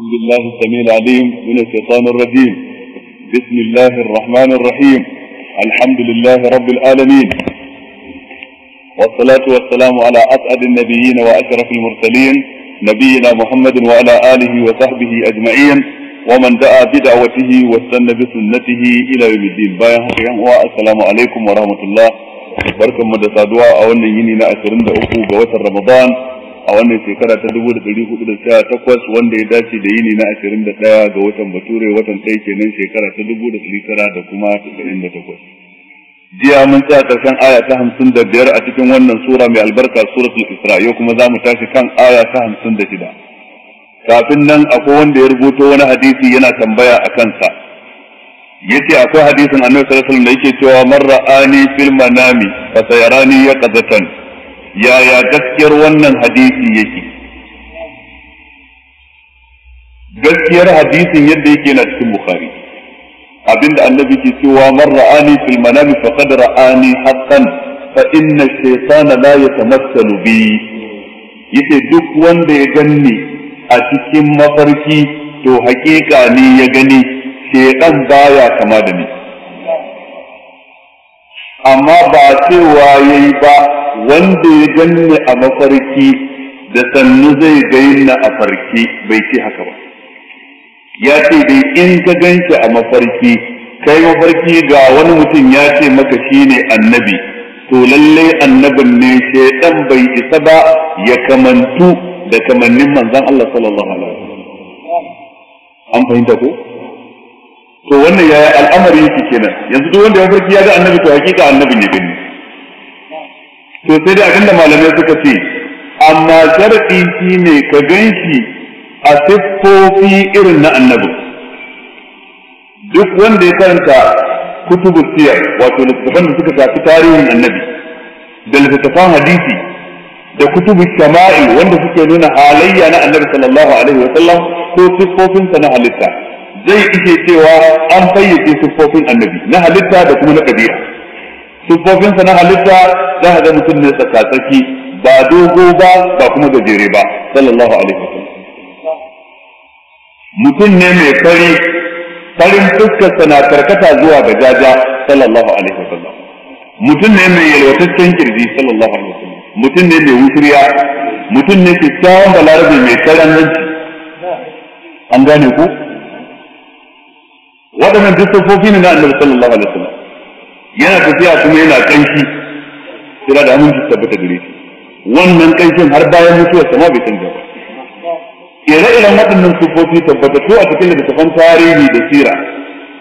أعوذ بالله السميع العليم من الشيطان الرجيم بسم الله الرحمن الرحيم الحمد لله رب العالمين والصلاة والسلام على أسعد النبيين وأشرف المرسلين نبينا محمد وعلى آله وصحبه أجمعين ومن دعا بدعوته واستنى بسنته إلى يوم الدين بايا والسلام عليكم ورحمة الله barkanmu مدى سادواء أولا wannan yini na 23 ga a wannan shekara ta dubu da dari hudu da sha takwas wanda ya dace da yini na ashirin da ɗaya ga watan bature watan ɗaya kenan shekara ta dubu da dari tara da kuma tasa'in da takwas. jiya mun tsaya ƙarshen aya ta hamsin da biyar a cikin wannan sura mai albarka suratul isra yau kuma za mu tashi kan aya ta hamsin da shida kafin nan akwai wanda ya rubuto wani hadisi yana tambaya a kansa yace akwai hadisin annabi sallallahu alaihi wasallam da yake cewa man ra'ani fil manami fa sayarani yaqzatan yaya gaskiyar wannan hadisi yake gaskiyar hadisin yadda yake na cikin bukhari abinda annabi ke cewa man ra'ani fil manami faqad ra'ani haqqan fa inna shaytana la yatamassalu bi yace duk wanda ya ganni a cikin mafarki to haƙiƙa ne ya gani shaytan baya kama da ni amma ba cewa yayi ba wanda ya ganni a mafarki da sannu zai ganni a farki bai ce haka ba ya ce dai in ka ganshi a mafarki kai mafarki ga wani mutum ya ce maka shine annabi to lallai annabin ne shaidan bai isa ba ya kamantu da kamannin manzan Allah sallallahu alaihi wasallam an fahimta ko to wannan yaya al'amari yake kenan yanzu duk wanda ya farki ya ga annabi to hakika annabi ne gani to sai da abinda malamai suka ce amma sharadi ne ka ganshi a siffofi irin na annabi duk wanda ya karanta kutubu siyar wato littattafan da suka tafi tarihin annabi da littattafan hadisi da kutubu shama'il wanda suke nuna halayya na annabi sallallahu alaihi wasallam ko siffofinsa na halitta zai ije cewa an fayyace siffofin annabi na halitta da kuma na ƙabi'a siffofinsa na halitta za a ga mutum ne tsakatsaki ba dogo ba ba kuma gajere ba sallallahu alaihi wa mutum ne mai fari farin fuskarsa na karkata zuwa ga jaja sallallahu alaihi wa mutum ne mai yalwataccen kirji sallallahu alaihi wa mutum ne mai wuturiya mutum ne kyakkyawan balarabe mai karan nan an gane ku waɗannan duk siffofi ne na annabi sallallahu alaihi wa yana tafiya kuma yana kanki kira da aminci tabbata gare shi wannan kanshin har bayan mutuwar sama bai canja ba ire-iren waɗannan sufofi tabbatattu a cikin littattafan tarihi da sira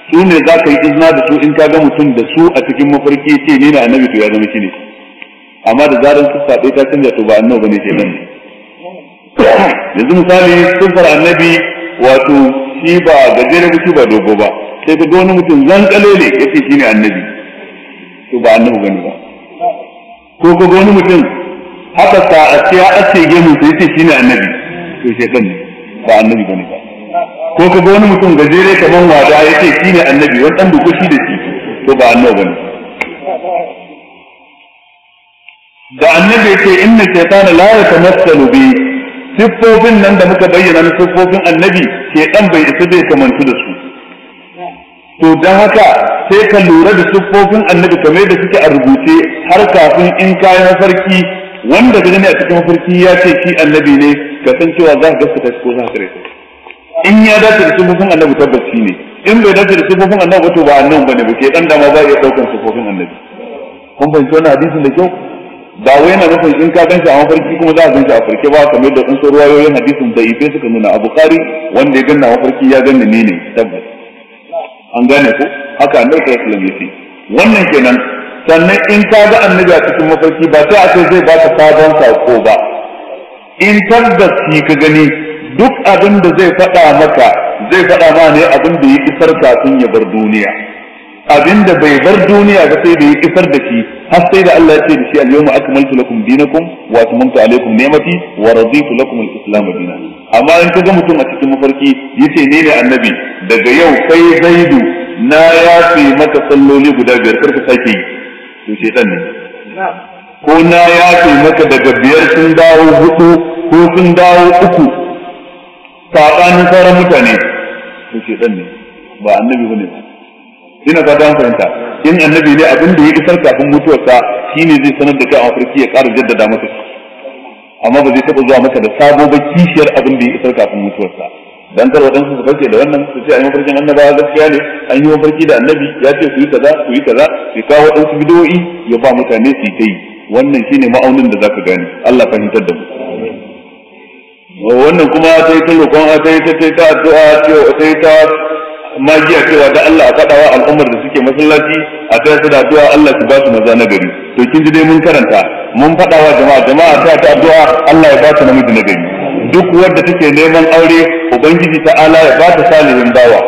su ne za ka yi izina da su in ka ga mutum da su a cikin mafarki ce ne na annabi to ya zama shi ne amma da zaran su ɗaya ta canja to ba annabi bane ke nan yanzu misali siffar annabi wato shi ba gajere ba shi ba dogo ba sai ka ga wani mutum zan kalele ya ce shi ne annabi to ba annabi bane ba ko ga wani mutum haka sa a ce a ce gemu sai ce shine annabi to sai kan ba annabi bane ba ko ka ga wani mutum gajere kaman wada ya ce shine annabi wani dan dukushi da shi to ba annabi bane da annabi ce inna shaytana la yatamassalu bi siffofin nan da muka bayyana na siffofin annabi dan bai isa bai kamantu da su to dan haka sai ka lura da siffofin annabi kamar da suke a rubuce har kafin in kayan farki wanda ka gani a cikin farki ya ce shi annabi ne ka san cewa za ka gaskata shi ko za ka kare in ya dace da siffofin annabi tabbaci ne in bai dace da siffofin annabi to ba annabi bane ba ke dan dama za ya daukan siffofin annabi kun fahimci wannan hadisin da kyau ba wai yana nufin in ka ganshi a mafarki kuma za a ganshi a farke ba kamar da so ruwayoyin hadisin da ife suka nuna a bukari wanda ya ganna mafarki ya ganna ne ne tabbas an gane ko haka annabi sallallahu alaihi wasallam yace wannan kenan sannan in ka ga annabi a cikin mafarki ba sai a ce zai baka sabon sako ba in tabbas ki ka gani duk abin da zai faɗa maka zai faɗa ma ne abin da ya isar kafin ya bar duniya abin da bai bar duniya ba sai da ya isar da shi har sai da Allah ya ce da shi al-yawma akmaltu lakum dinakum wa atmamtu alaykum ni'mati wa raditu lakum al-islam dinan amma in ka ga mutum a cikin mafarki yace ne ne annabi daga yau kai zaidu na yafe maka salloli guda biyar karka sake yi to shaitan ne ko na yafe maka daga biyar sun dawo hudu ko sun dawo uku saɓanin sauran mutane to shaitan ne ba annabi bane ba ina ka an fahimta in annabi ne abin da ya isar kafin mutuwarsa shine zai sanar da kai a mafarki ya ƙara jaddada masa amma ba zai taɓa zuwa maka da sabo ba kishiyar abin da ya isar kafin mutuwarsa dan kar su farke da wannan su ce a yi mafarkin annabawa gaskiya ne an yi mafarki da annabi ya ce su yi kaza ku yi kaza ya kawo wadansu bidoyi ya ba mutane su yi wannan shine ma'aunin da zaka gani Allah fahimtar da mu wannan kuma ta yi ta roƙon ta yi ta ta addu'a ta yi ta magiya cewa da Allah a faɗawa al'ummar da suke masallaci a ta su da addu'a Allah su ba su maza na gari to kin ji dai mun karanta mun faɗawa jama'a jama'a ta ta addu'a Allah ya ba su namiji na gari duk wadda take neman aure ubangiji ta ta'ala ya bata salihin bawa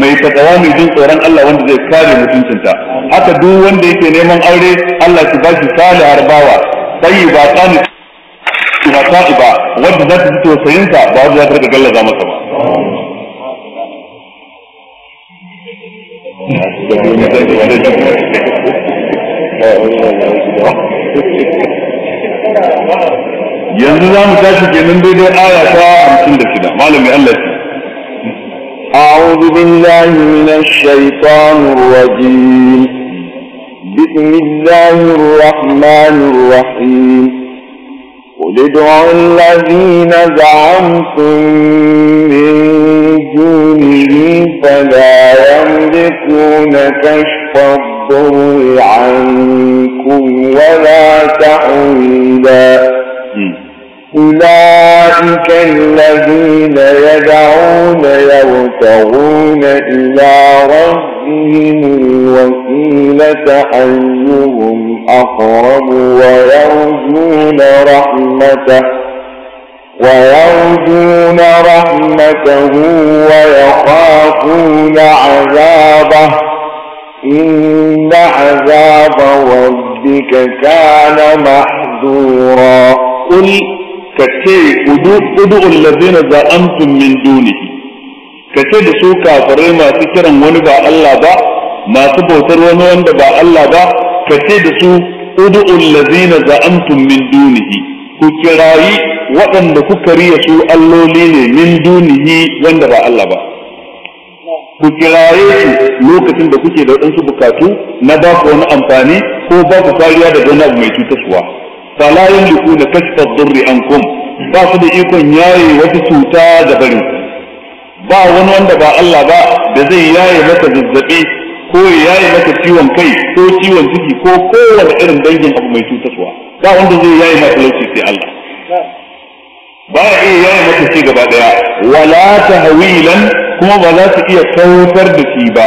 mai fatawa mai jin tsoron Allah wanda zai kare mutuncinta haka duk wanda yake neman aure Allah ki ba shi salihar bawa sai ba tsani ba sa'i ba wanda za ta tausayinsa ba za ta rika gallaza masa ba yanzu za mu tashi kenan daidai aya ta hamsin da shida malami Allah ya أعوذ بالله من الشيطان الرجيم بسم الله الرحمن الرحيم قل ادعوا الذين زعمتم من دونه فلا يملكون كشف الضر عنكم ولا تحويلا أولئك الذين يدعون يبتغون إلى ربهم الوسيلة أيهم أقرب ويرجون رحمته ويرجون رحمته ويخافون عذابه إن عذاب ربك كان محذورا قل ka ce udu'ul ladina za'antum min dunihi ka ce da su kafirai masu kiran wani ba Allah ba masu bautar wani wanda ba Allah ba ka ce da su udu'ul ladina za'antum min dunihi ku kirayi waɗanda kuka riya su alloli ne min dunihi wanda ba Allah ba ku kirayi lokacin da kuke da waɗansu bukatu na ba ku wani amfani ko ba ku kariya daga wani abu mai cutarwa fala yamlikuna kashfa ad-durri ankum ba su da ikon yaye wata cuta da bari ba wani wanda ba Allah ba da zai yaye maka zazzabi ko yaye maka ciwon kai ko ciwon ciki ko kowane irin dangin abu mai cutarwa ba wanda zai yaye maka talauci sai Allah ba ya iya yaye maka ci gaba daya wala tahwilan kuma ba za su iya kawar da shi ba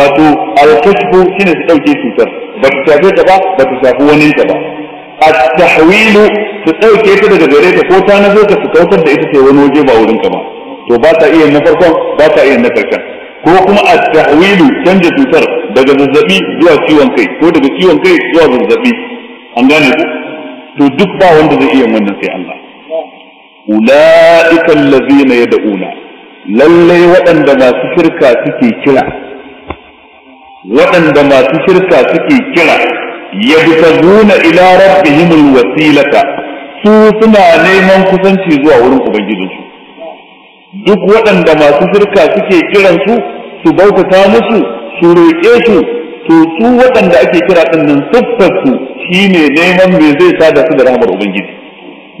wato al-kashfu shine su dauke cutar ba ta shafe ta ba ba ta shafi wani ta ba at-tahwilu su dauke ta daga gare ta ko ta nazo ta su kautar da ita ce wani waje ba wurin ka ba to ba ta iya na farkon ba ta iya na karshen ko kuma at-tahwilu canje cutar daga zazzabi zuwa ciwon kai ko daga ciwon kai zuwa zazzabi an gane ku to duk ba wanda zai iya wannan sai Allah ula'ika allazina yad'una lallai waɗanda masu shirka suke kira waɗanda masu shirka suke kira yabtaguna ila rabbihim alwasilata su suna neman kusanci zuwa wurin ubangijinsu duk waɗanda masu shirka suke kiran su su bautata musu su roƙe su to su waɗanda ake kira ɗin nan shine neman me zai sada su da rahmar ubangiji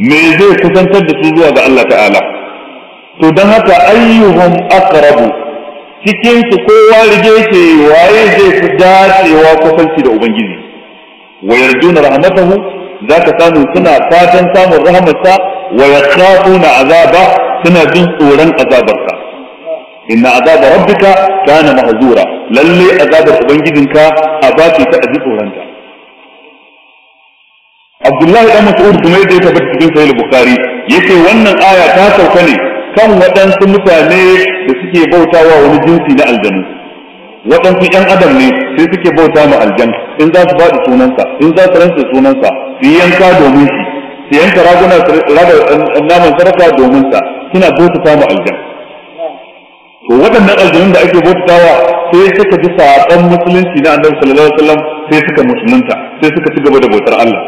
me zai kusantar da su zuwa ga Allah ta'ala to don haka ayyuhum aqrabu cikin su kowa rige ce waye zai fi dacewa kusanci da ubangiji wa yarjuna rahmatahu zaka samu suna fatan samun rahmatsa wa yakhafuna azaba suna jin tsoron azabarsa inna azaba rabbika kana mahzura lalle azabar ubangijinka a baki ta aji tsoronta Abdullahi dan Mas'ud kuma yadda ya tabbata cikin Sahih ya yace wannan aya ta sauka ne kan waɗansu mutane da suke bautawa wani jinsi na aljanu waɗansu ƴan adam ne sai suke bauta ma aljan in za su baɗi sunansa in za su rantsa sunansa su yi yanka domin shi su yanka raguna naman sarrafa domin sa suna bauta ma aljan to waɗannan aljanun da ake wa sai suka ji saɓan musulunci na annabi sallallahu alaihi wasallam sai suka musulunta sai suka ci gaba da bautar Allah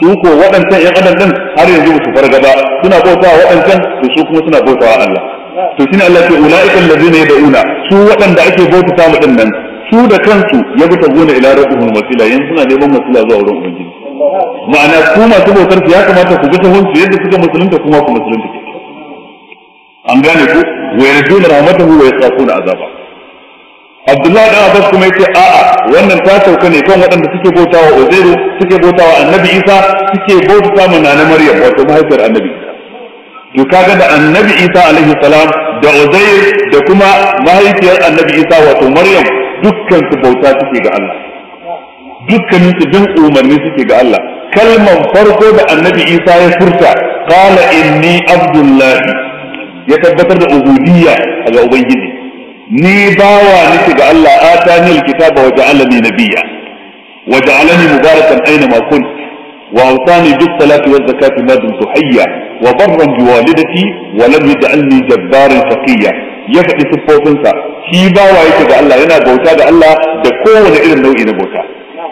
su ko waɗancan ƴan adam ɗin har yanzu su fargaba ba suna bautawa waɗancan to su kuma suna bautawa Allah to shine Allah ce ulaiikal ladina yad'una su wadanda ake bauta samu din nan su da kansu ya bi taguna ila rabbihim wasila yanzu suna neman wasila zuwa wurin ubangiji ma'ana ku masu bautar ya kamata ku bi sahun su yadda suka musulunta kuma ku musulunta an gane ku wa yarjuna rahmatahu wa yaqafuna azaba Abdullahi dan Abbas kuma yace a'a wannan ta sauka ne kan waɗanda suke bautawa Uzairu suke bautawa Annabi Isa suke bautawa mana Maryam wato mahaifiyar Annabi Isa to kaga da annabi isa alaihi salam da uzair da kuma mahaifiyar annabi isa wato maryam dukkan su bauta suke ga Allah dukkanin su bin umarni suke ga Allah kalman farko da annabi isa ya furta qala inni abdullahi ya tabbatar da ubudiyya ga ubangiji ni bawa nake ga Allah atani alkitaba wa ja'alani nabiyya wa ja'alani mubarakan aina ma kunt وأوصاني بالصلاة والزكاة ما دمت حيا وبرا بوالدتي ولم يجعلني جبارا شقيا ya faɗi siffofinsa shi bawa yake da Allah yana bauta ga Allah da kowane irin nau'i na bauta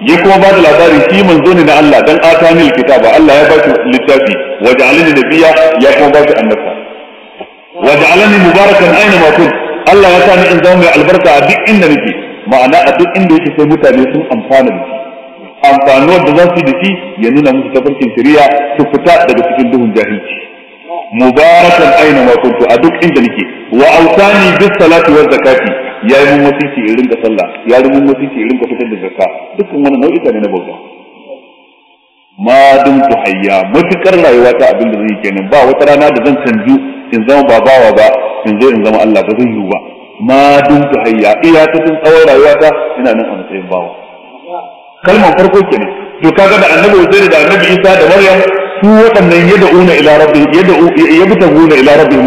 ya kuma ba da labarin shi manzo ne na Allah dan atanil kitaba Allah ya ba shi littafi wa ja'alani nabiyya ya kuma ba shi annabta wa ja'alani mubarakan aina ma Allah ya sa ni in zama mai albarka a duk inda ma'ana a duk inda yake mutane sun amfana amfanuwar da za su yi da shi ya nuna musu tafarkin shari'a su fita daga cikin duhun jahilci mubarakan aina ma kuntu a duk inda nake wa autani bis salati wa zakati ya yi mun wasiki in rinka sallah ya yi mun wasiki in rinka fitar da zakka dukkan wani nau'ika ne na bauta ma dun ku hayya mutukar rayuwa ta abin da zai kenan ba wata rana da zan canju in zama babawa ba in zo in zama Allah ba zan yiwu ba ma dun ku hayya iya ta tsawon rayuwa ta ina nan a matsayin bawa kalmar farko kenan to kaga da annabi Uzair da annabi Isa da Maryam su waɗannan yad'una ila rabbi yad'u ila rabbihim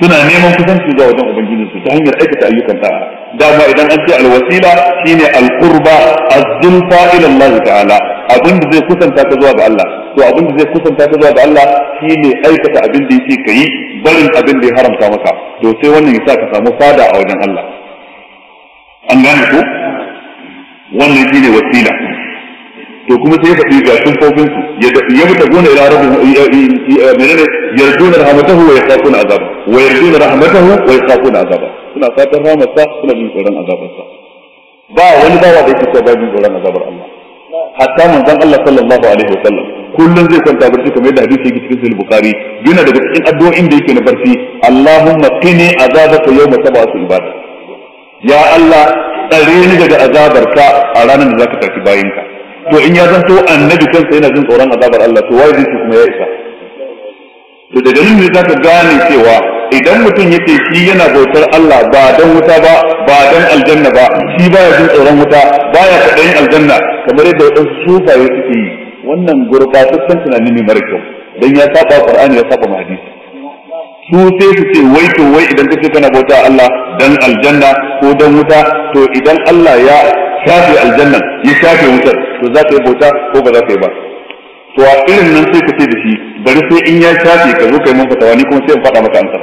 suna neman kusanci zuwa wajen ubangiji su ta hanyar aikata ayyukan da'a dama idan an ce alwasila shine alqurba az-zulfa ila Allah ta'ala abin da zai kusanta ka zuwa ga Allah to abin da zai kusanta ka zuwa ga Allah shine aikata abin da yake kai barin abin da ya haramta maka to sai wannan ya sa ka samu fada a wajen Allah an gane ko wannan shi ne wasila to kuma sai faɗi ga sunfofin su ya mutu gona ila rabbi menene yarduna rahmatahu wa yakhafuna azaba wa yarduna rahmatahu wa yakhafuna azaba suna fatan rahmatsa suna jin tsoron azabarsa ba wani bawa da yake cewa ba jin tsoron azabar Allah hatta manzon Allah sallallahu alaihi wasallam kullun zai kwanta barci kamar yadda hadisi yake cikin sahih bukhari yana daga cikin addu'o'in da yake na barci Allahumma qini azabaka yawma tab'atu ibad ya Allah tsare ni daga azabarka a ranar da zaka tafi bayanka to in ya zanto annabi kansa yana jin tsoron azabar Allah to wai zai kuma ya isa to da dalilin da zaka gane cewa idan mutum yake shi yana bautar Allah ba dan wuta ba ba dan aljanna ba shi baya jin tsoron wuta baya yin aljanna kamar yadda wadansu sufaye suke yi wannan gurbataccen tunani ne mara kyau dan ya saba Qur'ani ya saba hadisi su sai su ce wai to wai idan kace kana bauta Allah dan aljanna ko dan wuta to idan Allah ya shafe aljanna ya shafe wutar to za ka yi bauta ko ba za ka yi ba to a irin nan sai ka ce da shi bari sai in ya shafe ka zo kai mun fatawa ni kuma sai in faɗa maka amsa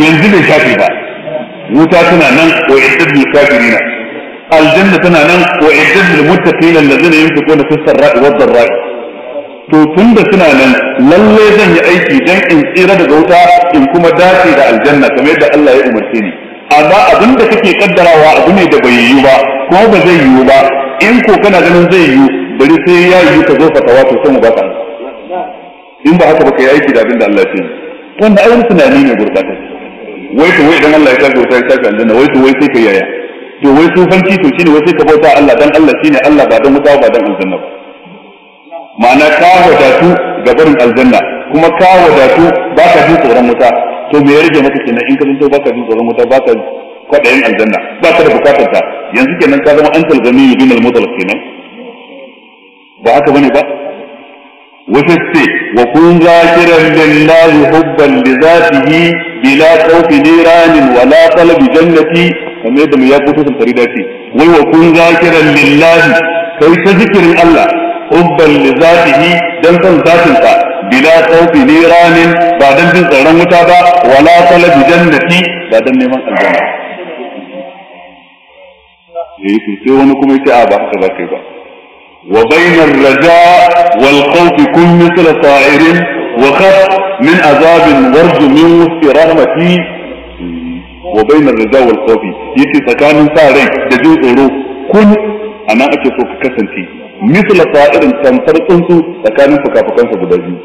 yanzu bai shafe ba wuta tana nan wa iddul kafirina aljanna tana nan da iddul muttaqina allazina yunfiquna fis sarra'i wad dharra'i to tun da suna nan lalle zan yi aiki don in tsira daga wuta in kuma dace da aljanna kamar yadda Allah ya umarce ni amma abin da kake kaddarawa abu ne da bai yiwu ba ko ba zai yiwu ba in ko kana ganin zai yiwu bari sai ya yiwu ka zo fatawa to sai mu ka. in ba haka ba kai aiki da abin da Allah ya ce wannan ayyukan tunani ne gurbata wai to wai idan Allah ya kaga wuta ya kaga aljanna wai to wai sai kai yaya to wai sufanci to shine wai sai ka bauta Allah dan Allah shine Allah ba dan wuta ba dan aljanna ba ma'ana ka wadatu ga barin aljanna kuma ka wadatu ba ka jin tsoron wuta to me ya rage maka kenan in ka zo ba ka jin tsoron wuta ba ka kwaɗayin aljanna ba ka da bukatar ta yanzu kenan ka zama an talgami bin al-mutalaq kenan ba haka bane ba wata ce wa kun zakiran lillahi hubban li zatihi bila khawfi niranin wala talabi jannati kamar yadda mu ya kuto sun da ce wai wa kun zakiran lillahi kai ta zikirin Allah hubban li zatihi dan san zatin sa bila sauti niranin ba dan jin tsaron wuta ba wala talabi jannati ba dan neman aljanna yayi eh, ku sai wani kuma yace a ba haka ba kai ba wa bainar raja wal khawf kun mithla sa'irin wa khaf min azabin warju min rahmati wa bainar raja wal khawf yace tsakanin sa rai da jin tsoro kun anan ake so ka kasance misla sa'irin tamfar tsuntsu tsakanin fukafukansa guda biyu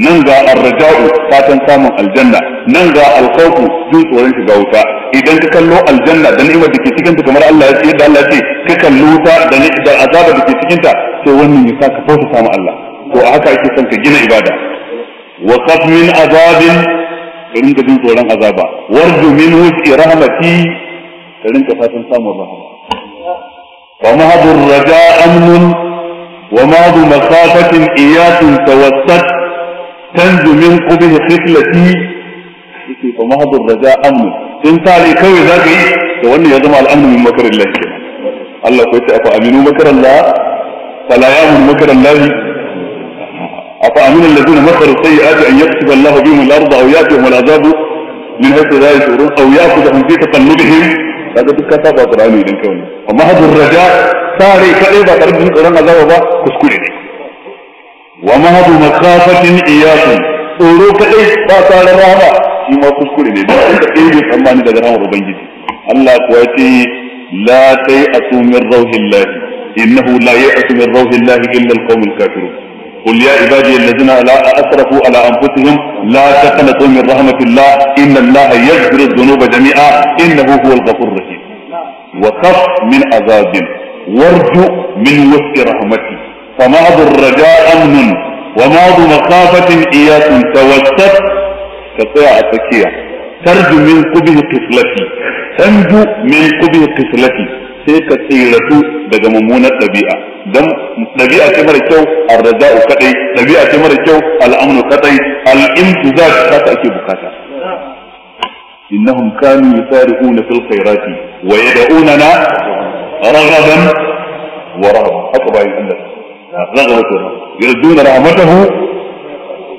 nan ga arraja'u fatan samun aljanna nan ga alkhawfu jin tsoron shiga wuta idan ka kallo aljanna da ni'imar da ke cikin ta kamar Allah ya ce da Allah ya ce ka kallo wuta da da azaba da ke cikin ta to wannan ya saka fauta samu Allah to a haka ake son ka gina ibada wa qad min azabin ka da jin tsoron azaba warju minhu rahmati ka fatan samun rahama ومهض الرجاء أمن ومهض مخافة إياس توسط تنز من قبه خفلتي فمهض الرجاء أمن إن تالي كوي ذاكي إيه؟ يا جمع الأمن من مكر الله الله قلت أفأمنوا مكر الله فلا يأمن مكر الله أفأمن الذين مكروا السيئات أن يكسب الله بهم الأرض أو يأتيهم العذاب من حيث لا يشعرون أو يأخذهم في تقلبهم kaga duk ka saba Qur'ani idan kai amma hadur raja sare kadai ba tare da tsoron azaba ba kuskure ne wa mahadu makafatin iyakum tsoro kadai ba tsaron rahama shi ma kuskure ne da inda ɗaya bai tsammani daga rahama ubangiji Allah kuwa ce la kai asumin rauhin lahi innahu la ya'tu min rauhin lahi illa al-qawmul kafirun قل يا عبادي الذين اسرفوا على انفسهم لا تقنطوا من رحمه الله ان الله يغفر الذنوب جميعا انه هو الغفور الرحيم وخف من عذاب وارجو من وسع رحمتي فمعض الرجاء امن ومعض مخافه اياك توسط كطيعة تكية ترجو من قبه قفلتي تنجو من قبه قفلتي سيكا سيرتو دقا ممونة طبيعة dan dabi'a ce mara kyau ar-raja'u kadai dabi'a ce mara kyau al-amnu kadai al-imtizaj haka ake bukata innahum kanu yusari'una fil khairati wa yad'unana raghaban wa rahaban haka bayan Allah raghaban wa rahaban yurduna rahmatahu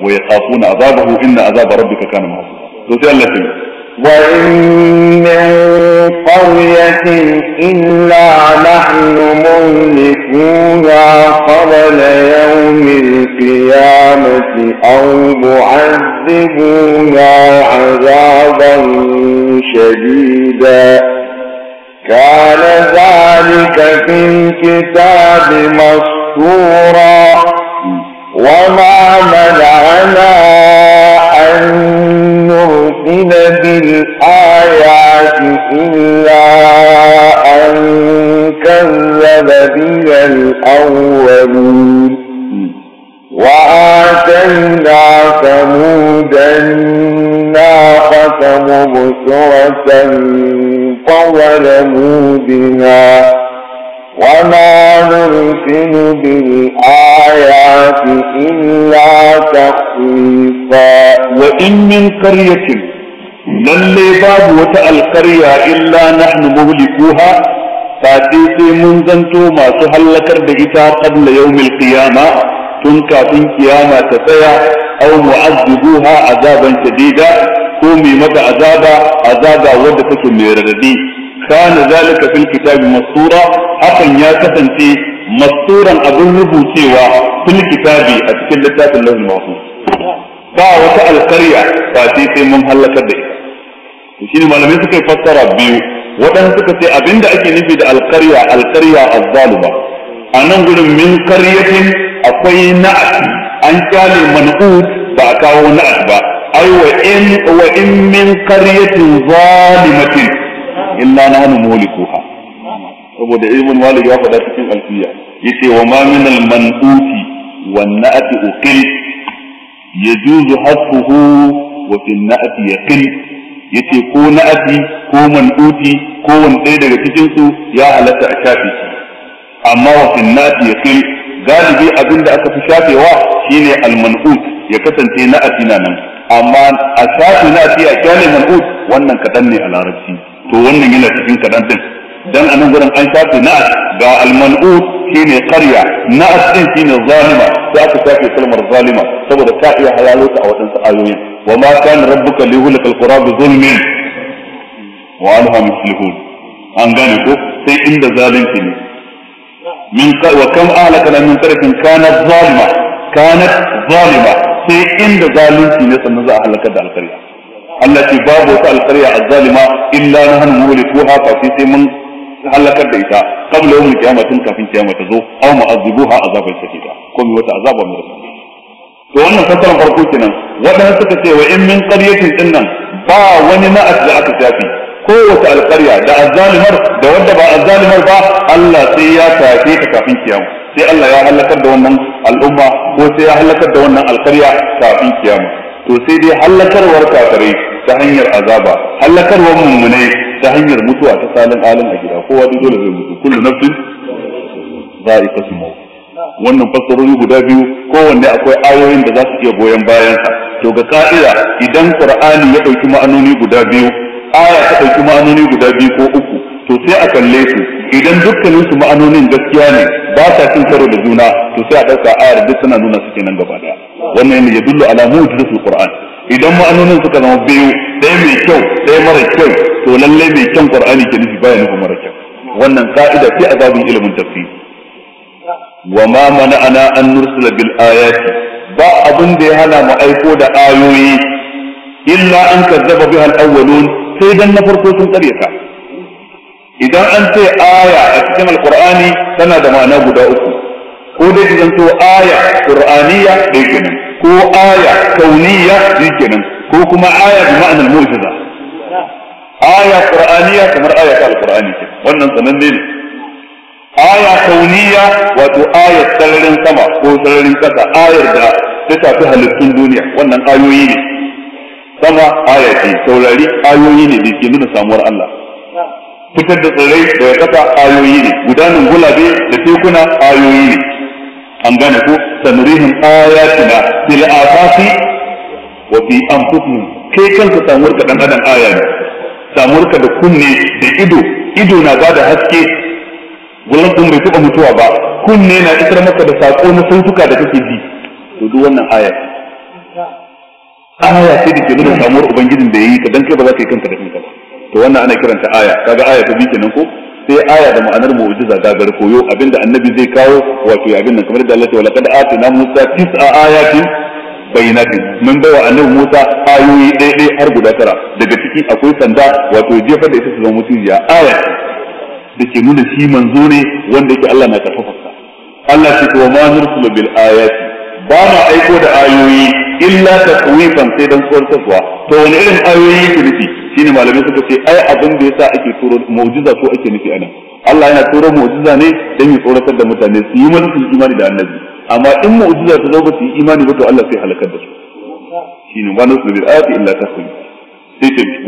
wa yakhafuna azabahu inna azaba rabbika kana mahsura to sai Allah ya وإن من قرية إلا نحن مهلكوها قبل يوم القيامة أو معذبوها عذابا شديدا كان ذلك في الكتاب مسطورا وما منعنا أن نرسل الآيات إلا أن كذب بها الأولين وآتينا ثمود الناقة مبصرة فظلموا بها وما نرسل بالآيات إلا تخويفا وإن من قرية lalle babu wata alkarya illa nahnu muhlikuha fati sai mun zanto masu hallakar da ita qabla yawmil qiyama tun kafin kiyama ta tsaya aw mu'azzibuha azaban shadida ko mai mata azaba azaba wanda take mai radadi kana zalika fil kitabi masura hakan ya kasance masuran abin rubucewa fil kitabi a cikin littafin lahul ba wata alkarya ba sai mun halakar da ita shine malamai suka yi fassara biyu waɗansu suka ce abinda ake nufi da alƙarya alƙarya azzaluma a nan gudun min karyatin akwai na'at an kyale man'ut ba a kawo na'at ba ai wa in wa in min qaryatin zalimatin illa nahnu mulikuha saboda ibn walid ya faɗa cikin alfiya yace wa ma min al man'uti wan na'ati uqil yajuzu hasbuhu wa fi an na'ati yaqil yace ko na'ati ko manduti ko wani ɗaya daga cikin su ya halatta a shafe shi amma wa ya kai galibi abin da aka fi shafewa shine al-man'ut ya kasance na'ati na nan amma a shafe na'ati a kyale man'ut wannan kadan ne a larabci to wannan yana cikin kadan din dan anan gurin an shafe na'at ga al-man'ut shine qarya na'at din shine zalima sai aka shafe kalmar zalima saboda ta iya halalo ta a wadansu ayoyin وما كان ربك ليهلك القرى بظلم وعنها مصلحون an gane ko sai inda zalunci ne min wa kam ahlakana min qaryatin kanat zalima kanat zalima sai inda zalunci ne sannan za a halaka da alƙarya Allah ce babu wata alƙarya azzalima illa nahnu mulikuha fa fi sai mun halakar da ita qabla yawmil qiyamatin kafin kiyama ta zo aw mu'azzibuha azaban shadida ko mi wata azaba mai rasu to wannan fasaran farko kenan waɗansu suka ce wa in min qaryatin din nan ba wani na'at da aka shafi kowace alƙarya da azzalimar da wadda ba azzalimar ba Allah sai ya tafe ta kafin kiyama sai Allah ya halakar da wannan al'umma ko sai ya halakar da wannan alƙarya kafin kiyama to sai dai halakarwar kafirai ta hanyar azaba halakarwar mummunai ta hanyar mutuwa ta salin alin a gida kowa duk dole zai mutu kullu nafsin za'iqatul maut wannan fassarori guda biyu kowanne akwai ayoyin da za su iya goyon bayansa to ga ka'ida idan qur'ani ya dauki ma'anoni guda biyu aya ta dauki ma'anoni guda biyu ko uku to sai a kalle su idan dukkanin su ma'anonin gaskiya ne ba sa cin karo da juna to sai a dauka ayar duk suna nuna su kenan gaba daya wannan ne yadullu ala mu'jizatul qur'an idan ma'anonin suka zama biyu ɗaya mai kyau ɗaya mara kyau to lalle mai kyan qur'ani ke nufi baya nufin mara kyau wannan ka'ida sai a zabin ilimin tafsir wa ma mana'ana an nursila bil ayati ba abin da ya hana mu aiko da ayoyi illa an kazzaba biha al-awwalun sai dan na farko sun karyata idan an ce aya a cikin alqur'ani tana da ma'ana guda uku ko dai idan to aya qur'aniya dai kenan ko aya kauniya dai kenan ko kuma aya bi ma'anar mu'jiza aya qur'aniya kamar aya ta al-qur'ani wannan sananne ne aya kauniya wato ayar sararin sama ko sararin kasa ayar da ta tafi halittun duniya wannan ayoyi ne sama aya ce saurari ayoyi ne da ke nuna samuwar Allah fitar da tsirrai da ya kasa ayoyi ne gudanin gulabe da tekuna ayoyi ne an gane ko sanurihim ayatina fil afaqi wa fi anfusihim kai kanka samuwar ka dan adam aya ne samuwar ka da kunne da ido ido na bada haske gurin din bai taba mutuwa ba kunne na isar maka da sako na sautuka da kake bi to duk wannan aya aya ce da ke nuna samuwar ubangijin da yayi ka dan kai ba za ka yi kanka da kanka ba to wannan ana kiranta aya kaga aya ta bi kenan ko sai aya da ma'anar mu'jiza gar koyo abinda annabi zai kawo wato abin nan kamar da Allah ya ce walaqad atina musa tis'a ayatin bayyanatin mun bawa annabi Musa ayoyi ɗaya har guda tara daga ciki akwai sanda wato jefar da ita su zama mutuniya aya da ke nuna shi manzo ne wanda yake Allah na karfafa Allah ce to ma nursulu bil ayati ba ma aiko da ayoyi illa takwifan sai dan tsortarwa to wani irin ayoyi yake nufi shine malamai suka ce ai abin da yasa ake turo mu'jiza ko ake nufi anan Allah yana turo mu'jiza ne dan ya tsoratar da mutane su yi mulki imani da annabi amma in mu'jiza ta zo ba su yi imani ba to Allah sai halakar da su shine ma nursulu bil ayati illa takwifan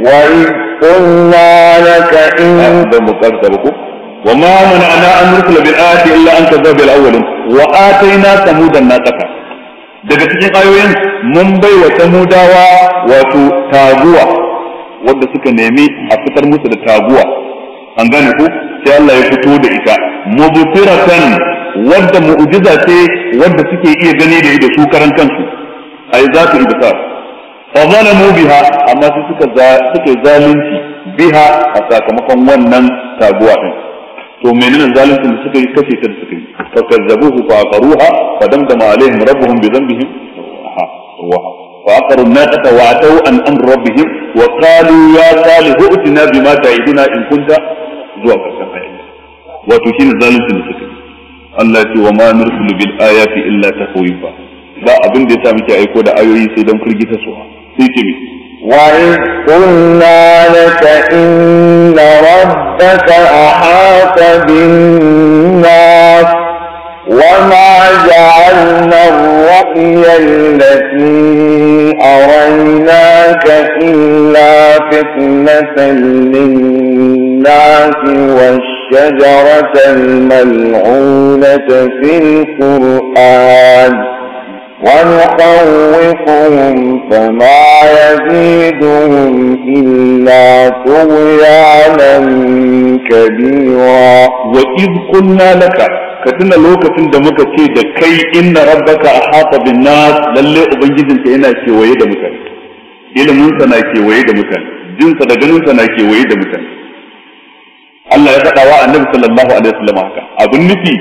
وإذ قلنا لك إن هذا مقدر وما منعنا أن نرسل بالآية إلا أن كذب الأولون وآتينا ثمود الناقة daga cikin ayoyin mun bai wa samudawa wato taguwa wadda suka nemi a fitar musu da taguwa an gane ku sai Allah ya fito da ita mubtiratan wadda mu'jiza ce wadda suke iya gani da ita su karan kansu ai za su ibsar fa mu biha amma su zalunci biha a sakamakon wannan taguwa din to menene zaluncin da suka yi kace ta suka yi fa kazzabuhu fa aqaruha fa damdama alaihim rabbuhum bi dhanbihim wa wa ataw an amr rabbihim wa qalu ya salihu utina bima zuwa wato suka yi Allah ya ce wa illa ba abin da ya sa muke aiko da ayoyi sai don firgita su sai ce miki وإذ قلنا لك إن ربك أحاط بالناس وما جعلنا الرؤيا التي أريناك إلا فتنة للناس والشجرة الملعونة في القرآن ونخوفهم فما يزيدهم إلا طغيانا كبيرا وإذ قلنا لك كتنا لوكة دمك تيدا كي إن ربك أحاط بالناس للي أبنجد إنا كيوية دمك ilimin sa na kewaye da mutane jin sa da ganin sa na kewaye da mutane Allah ya faɗawa Annabi sallallahu abin nufi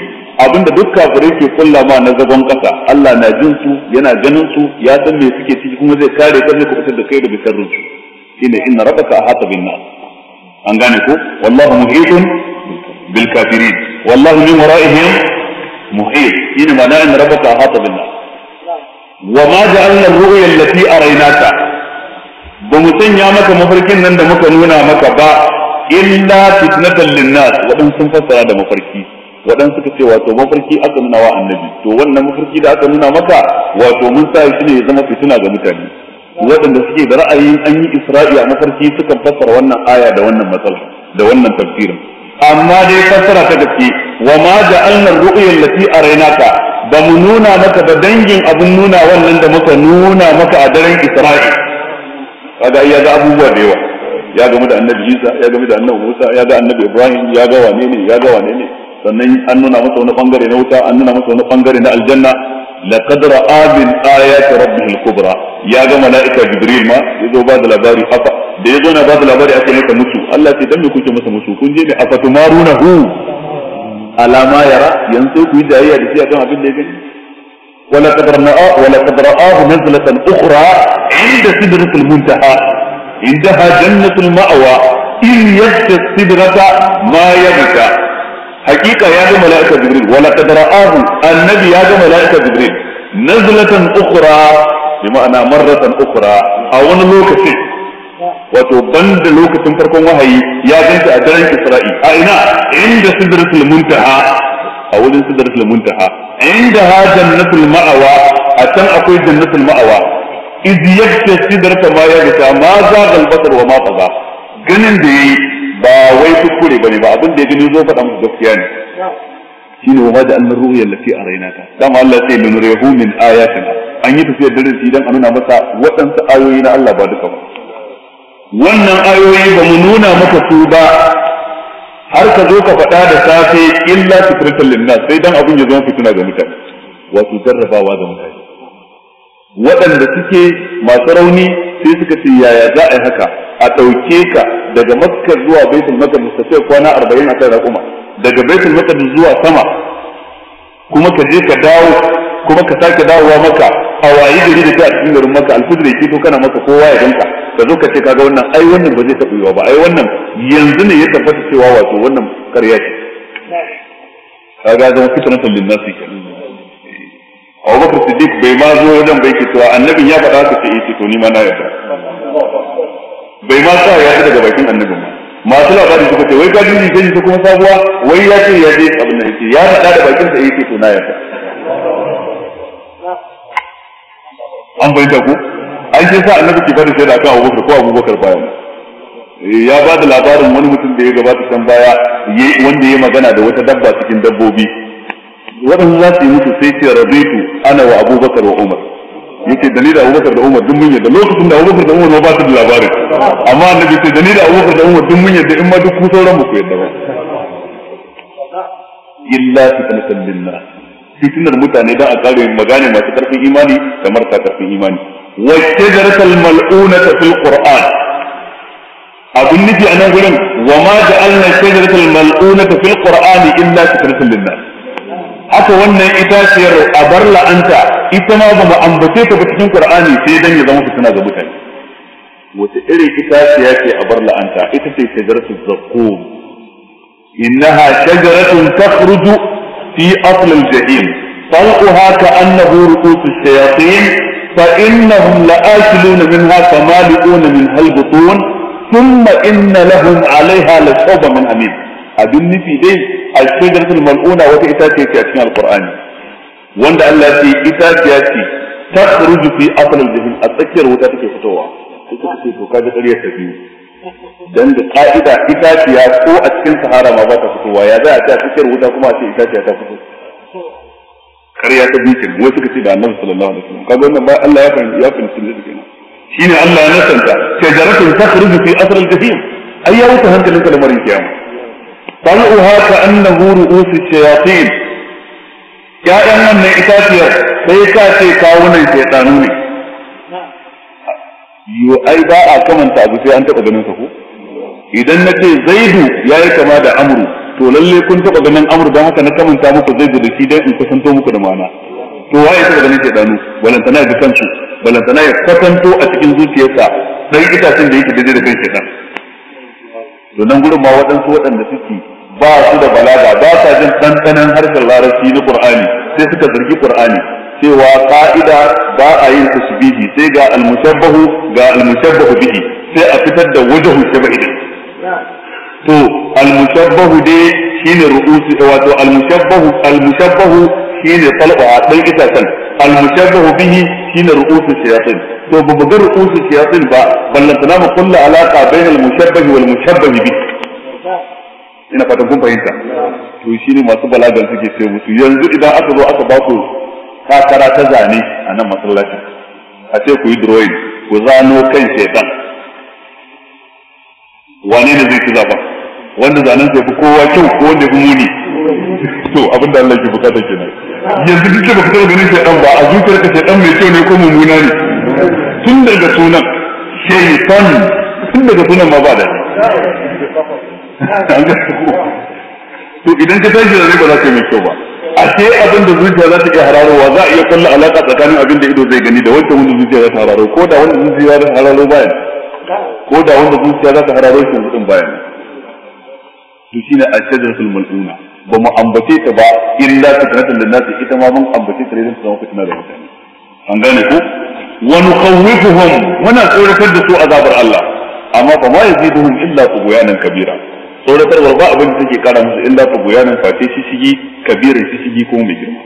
abinda duk kafirai ke kulla ma na zagon kasa Allah na jin su yana ganin su ya san me suke ciki kuma zai kare ka zai kubutar da kai da sharrin su shine inna rabbaka ahata bin nas an gane ko wallahu muhitun bil kafirin wallahu min wara'ihim muhit shine ma'ana inna rabbaka ahata bin nas wa ma ja'alna ar-ru'ya allati araynaka ba mu sanya maka mafarkin nan da muka nuna maka ba illa fitnatan lin nas wadan sun fassara da mafarki wadan suka ce wato mafarki aka nuna wa annabi to wannan mafarki da aka nuna maka wato mun sa shi ne ya zama fitina ga mutane waɗanda suke da ra'ayin an yi isra'i a mafarki sukan fassara wannan aya da wannan matsala da wannan tafsirin amma dai fassara ta gaske wa ma ja'alna ar-ru'ya allati araynaka ba mu nuna maka da dangin abun nuna wannan da muka nuna maka a daren isra'i kaga ya ga abubuwa da yawa ya gamu da annabi Isa ya gamu da annabi Musa ya ga annabi Ibrahim ya ga wane ne ya ga wane ne sannan an nuna masa wani bangare na wuta an nuna masa wani bangare na aljanna laqad ra'a min ayati rabbih al-kubra ya ga malaika jibril ma yazo ba da labari afa da yazo na ba da labari ake ne ka mutu Allah sai dan me kuke masa mutu kun je ne afatumarunahu alama yara yanzu ku yi jayayya da shi akan abin da ya gani ولقد رآه ولقد رآه نزلة أخرى عند سدرة المنتهى عندها جنة المأوى إن يبكى ma ما يبكى hakika ya ga mala'ika jibril wa laqad ra'ahu annabi ya ga mala'ika jibril nazlatan ukhra bi ma'ana marratan ukhra a wani lokaci wato banda lokacin farkon wahayi ya ganta a daren isra'i a ina inda sidratul muntaha a wurin sidratul muntaha inda ha jannatul ma'awa a can akwai jannatul ma'awa iz yakta ma ya ma za basar wa ma qaza ganin da yayi ba wai kuskure bane ba abin da ya gani zo faɗa musu gaskiya ne shine wa da yallafi a raina ta dan Allah sai min rehu min ayatina an yi tafiyar da shi dan an nuna masa waɗansu ayoyi na Allah ba duka ba wannan ayoyi ba mu nuna maka su ba har ka zo ka faɗa da safe illa lin linnas sai dan abin ya zama fituna ga mutane wato jarrabawa ga mutane waɗanda suke masu rauni sai suka ce yaya za a yi haka a ɗauke ka daga makka zuwa baitul maqdis ta sai kwana arba'in akan raƙuma daga baitul maqdis zuwa sama kuma ka je ka dawo kuma ka sake dawowa maka a wayi gari da ta cikin garin maka alfijir ke to kana maka kowa ya ganka ka zo ka ce kaga wannan ai wannan ba zai taɓa yiwa ba ai wannan yanzu ne ya tabbata cewa wato wannan ƙarya ce kaga zama fitnatan lin kenan Abubakar Siddiq bai ma zo wajen bai ke cewa annabin ya faɗa ka ce eh to ni ma na yarda bai ma sa ya daga bakin annabin ma masu labari suka ce wai ka jini sai ta kuma sabuwa wai ya ce ya je abin da yake ya faɗa da bakin sa eh to na yarda an bayyana ku an ce sa annabi ke bada sai da kan Abubakar ko Abubakar bayan eh, ya ba da labarin wani mutum da ya gabata can baya wanda ya magana da wata dabba cikin dabbobi waɗansu za su yi musu sai ce rabitu ana wa abubakar wa umar yake da ni abubakar da umar duk mun yadda lokacin da abubakar da umar ba su da labarin amma annabi ce da abubakar da umar duk mun yadda in ma duk ku sauran ku yadda ba illa fitnatan lillah fitnar mutane da a kare magana masu karfin imani kamar ta karfin imani wa shajaratul mal'unata fil qur'an abun nufi a nan gurin wa ma ja'alna shajaratul mal'unata fil qur'ani illa fitnatan lillah haka wannan ita itaciyar a bar la'anta ita ma ba mu ambace ta ba cikin qur'ani sai dan ya zama fitina ga mutane wata irin ita itaciya ce a bar la'anta ita ce shajaratu zaqqum innaha shajaratun takhruju fi asl al-jahim طلقها كأنه رؤوس الشياطين فإنهم لآكلون منها فمالئون min halbutun ثم إن لهم عليها لشوبا من أمين abin nufi dai al-shajaratul mal'una wata itaciya ce a cikin alqur'ani wanda Allah ya ce itaciya ce ta khuruju fi aflal jahim a tsakiyar wuta take fitowa sai suka ce to kaga ƙarya ta biyu dan da ka'ida itaciya ko a cikin sahara ma ba ta fitowa ya za a ce a tsakiyar wuta kuma a ce itaciya ta fito ƙarya ta biyu kenan wai suka ce da Annabi sallallahu alaihi wasallam kaga wannan ba Allah ya fahimci ya fahimci ne kenan shine Allah ya nasanta shajaratun takhruju fi asr al-jahim ai ya wuce hankalin kalmar kiyama طلعها كأنه رؤوس الشياطين يا أن من إتاتي بيكاتي كاون الشيطانون يو أي ba a kamanta abu sai an taɓa ganin sa ko idan na ce zaidu ya yi kama da amru to lalle kun taɓa ganin amru don haka na kamanta muku zaidu da shi in kusanto muku da ma'ana to taɓa ganin ga kansu balantana ya kwatanto a cikin zuciyarsa dan itacen da yake daidai da kan shaidan to nan gurin ma waɗansu waɗanda suke ba su da balaga ba sa jin ɗanɗanon harshen larabci na qur'ani sai suka zargi qur'ani cewa ka'ida ba a yin su bihi sai ga almushabbahu ga almushabbahu bihi sai a fitar da wajahu shabahi din to almushabbahu dai shine ru'usi wato almushabbahu almushabbahu shine a dan itatan almushabbahu bihi shine ru'usu shayatin to babu ru'usu shayatin ba ballantana mu kullu alaqa bainal mushabbahi wal mushabbahi bihi ina fatan kun fahimta to shine masu balagal suke ce musu yanzu idan aka zo aka ba ku takara ta zane a nan masallacin a ce ku yi drawing ku zano kan shaitan wane ne zai ci zaba wanda zanen sai fi kowa kyau ko wanda fi muni to abin da Allah ke bukata kenan yanzu duk da fitar ganin shaitan ba a zuciyar ka shaitan mai kyau ne ko mummuna ne tun daga sunan shaitan tun daga sunan ma ba da to idan ka tashi da ba za ka yi mai kyau ba a ce abin da zuciya za ta iya hararowa za a iya kalla alaka tsakanin abin da ido zai gani da wancan wanda zuciya za ta hararo ko da wanda zuciya za ta hararo bayan ko da wanda zuciya za ta hararo shi kudin bayan to shine ashajaratul mal'una ba mu ambace ta ba illa fitnatul linnasi ita ma mun ambace ta ne don zama fitina da mutane an gane ko wa nukhawifuhum muna tsoratar da su azabar Allah amma ba ma yaziduhum illa nan kabira tsoratarwar ba abin da take kara musu illa fa guyanan face shi shigi kabirin shi shigi ko mai girma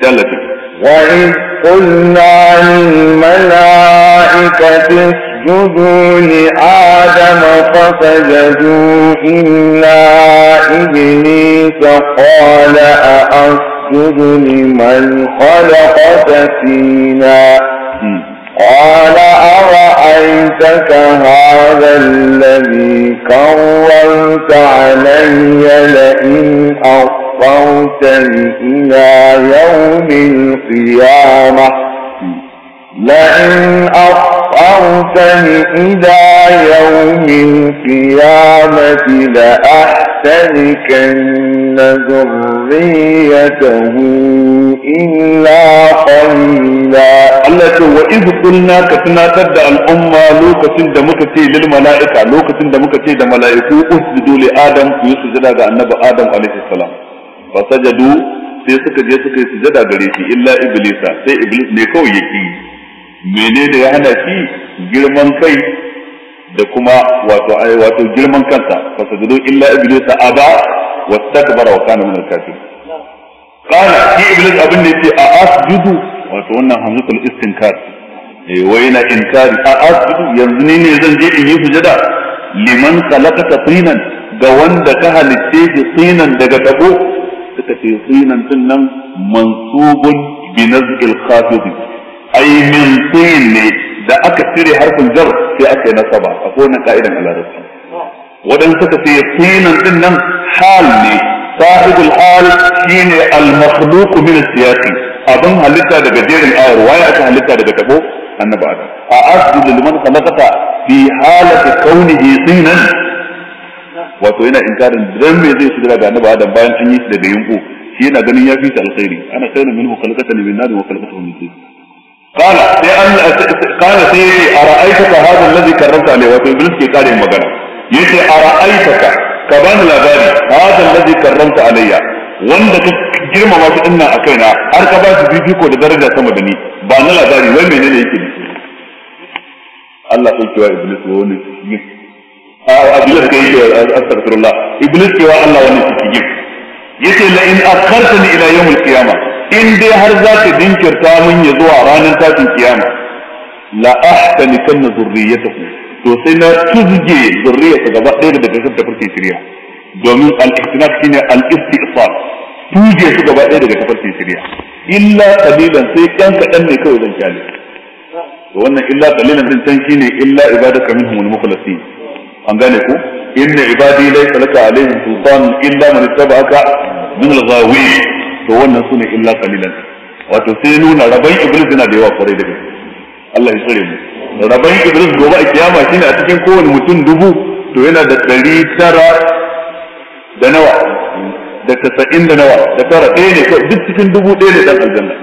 sai Allah ta وإذ قلنا للملائكة اسجدوا لآدم فسجدوا إلا إبليس قال أأسجد لمن خلقت فينا قال أرأيتك هذا الذي كرمت علي لئن أخرتني إلى يوم القيامة لئن أخرتني إلى يوم القيامة لأحسن تركن ذريته إلا قليلا الله ce wa iz qulna ka tunatar da al'umma lokacin da muka ce lil mala'ika lokacin da muka ce da mala'iku usjudu li adam ku yi sujada ga annabi adam alaihi salam fa sai suka je suka yi sujada gare shi illa iblisa sai iblis ne kawai yake menene ya hana shi girman kai da kuma wato wato girman kansa fasajadu illa iblisa aba wastakbara wa kana min al-kafirin qala shi iblis abin ne yake a asjudu wato wannan hamzatul istinkar eh wai yana inkari a asjudu yanzu ne ne zan je in yi sujada liman khalaqata tinan ga wanda ka halitte shi tinan daga dabo suka ce tinan din nan mansubun binazil nazil khafidin ai min tin ne da aka cire harfin jar sai aka yi nasaba a kowane ka'idan a larabci waɗansu ka ce tinan din nan hal ne sahibul hal shine al-makhluq min siyasi abin halitta daga jerin ayar waye aka halitta daga tabo annabi adam a asjudu liman khalaqata fi halati kaunihi tinan wato yana inkarin dan me zai shiga ga annabi adam bayan an yi shi daga yunku shi yana ganin ya fi ta alkhairi ana khairu minhu khalaqatan min nar wa khalaqatahu min tin قال sai an قال sai yace ara'aitaka hadha alladhi karramta alayhi wato iblis ke kare magana yace ara'aitaka ka bani labari hadha alladhi karramta alayya wanda ka girmama shi dinnan a kaina har ka ba shi bibiko da daraja sama da ni ba na labari wai menene yake nufi Allah sai cewa iblis wani cikin a abin da kai cewa astaghfirullah iblis cewa Allah wani cikin yace la in akhartani ila yawm al-qiyamah in dai har za ka jinkirta mun ya zuwa ranar tashin kiyama la zurriyata ku. to sai na tuzge zurriyata gaba ɗaya daga kafar da shirya domin al ihtinaf shine al istiqsal tuzge su gaba ɗaya daga tafarkin shirya illa qalilan sai dan kaɗan ne kawai zan kyale to wannan illa qalilan din san shine illa ibadaka minhum al-mukhlasin an gane ku inna ibadi laysa laka alaihim sultan illa man ittaba'aka min al-ghawin to wannan su ne illa kalilan wato sai nuna rabai iblis yana da yawa kwarai da gaske Allah ya tsare mu rabai iblis gobe a kiyama shine a cikin kowane mutum dubu to yana da ɗari tara da nawa da tasa'in da nawa da tara ɗaya ne kawai duk cikin dubu ɗaya ne ɗan aljanna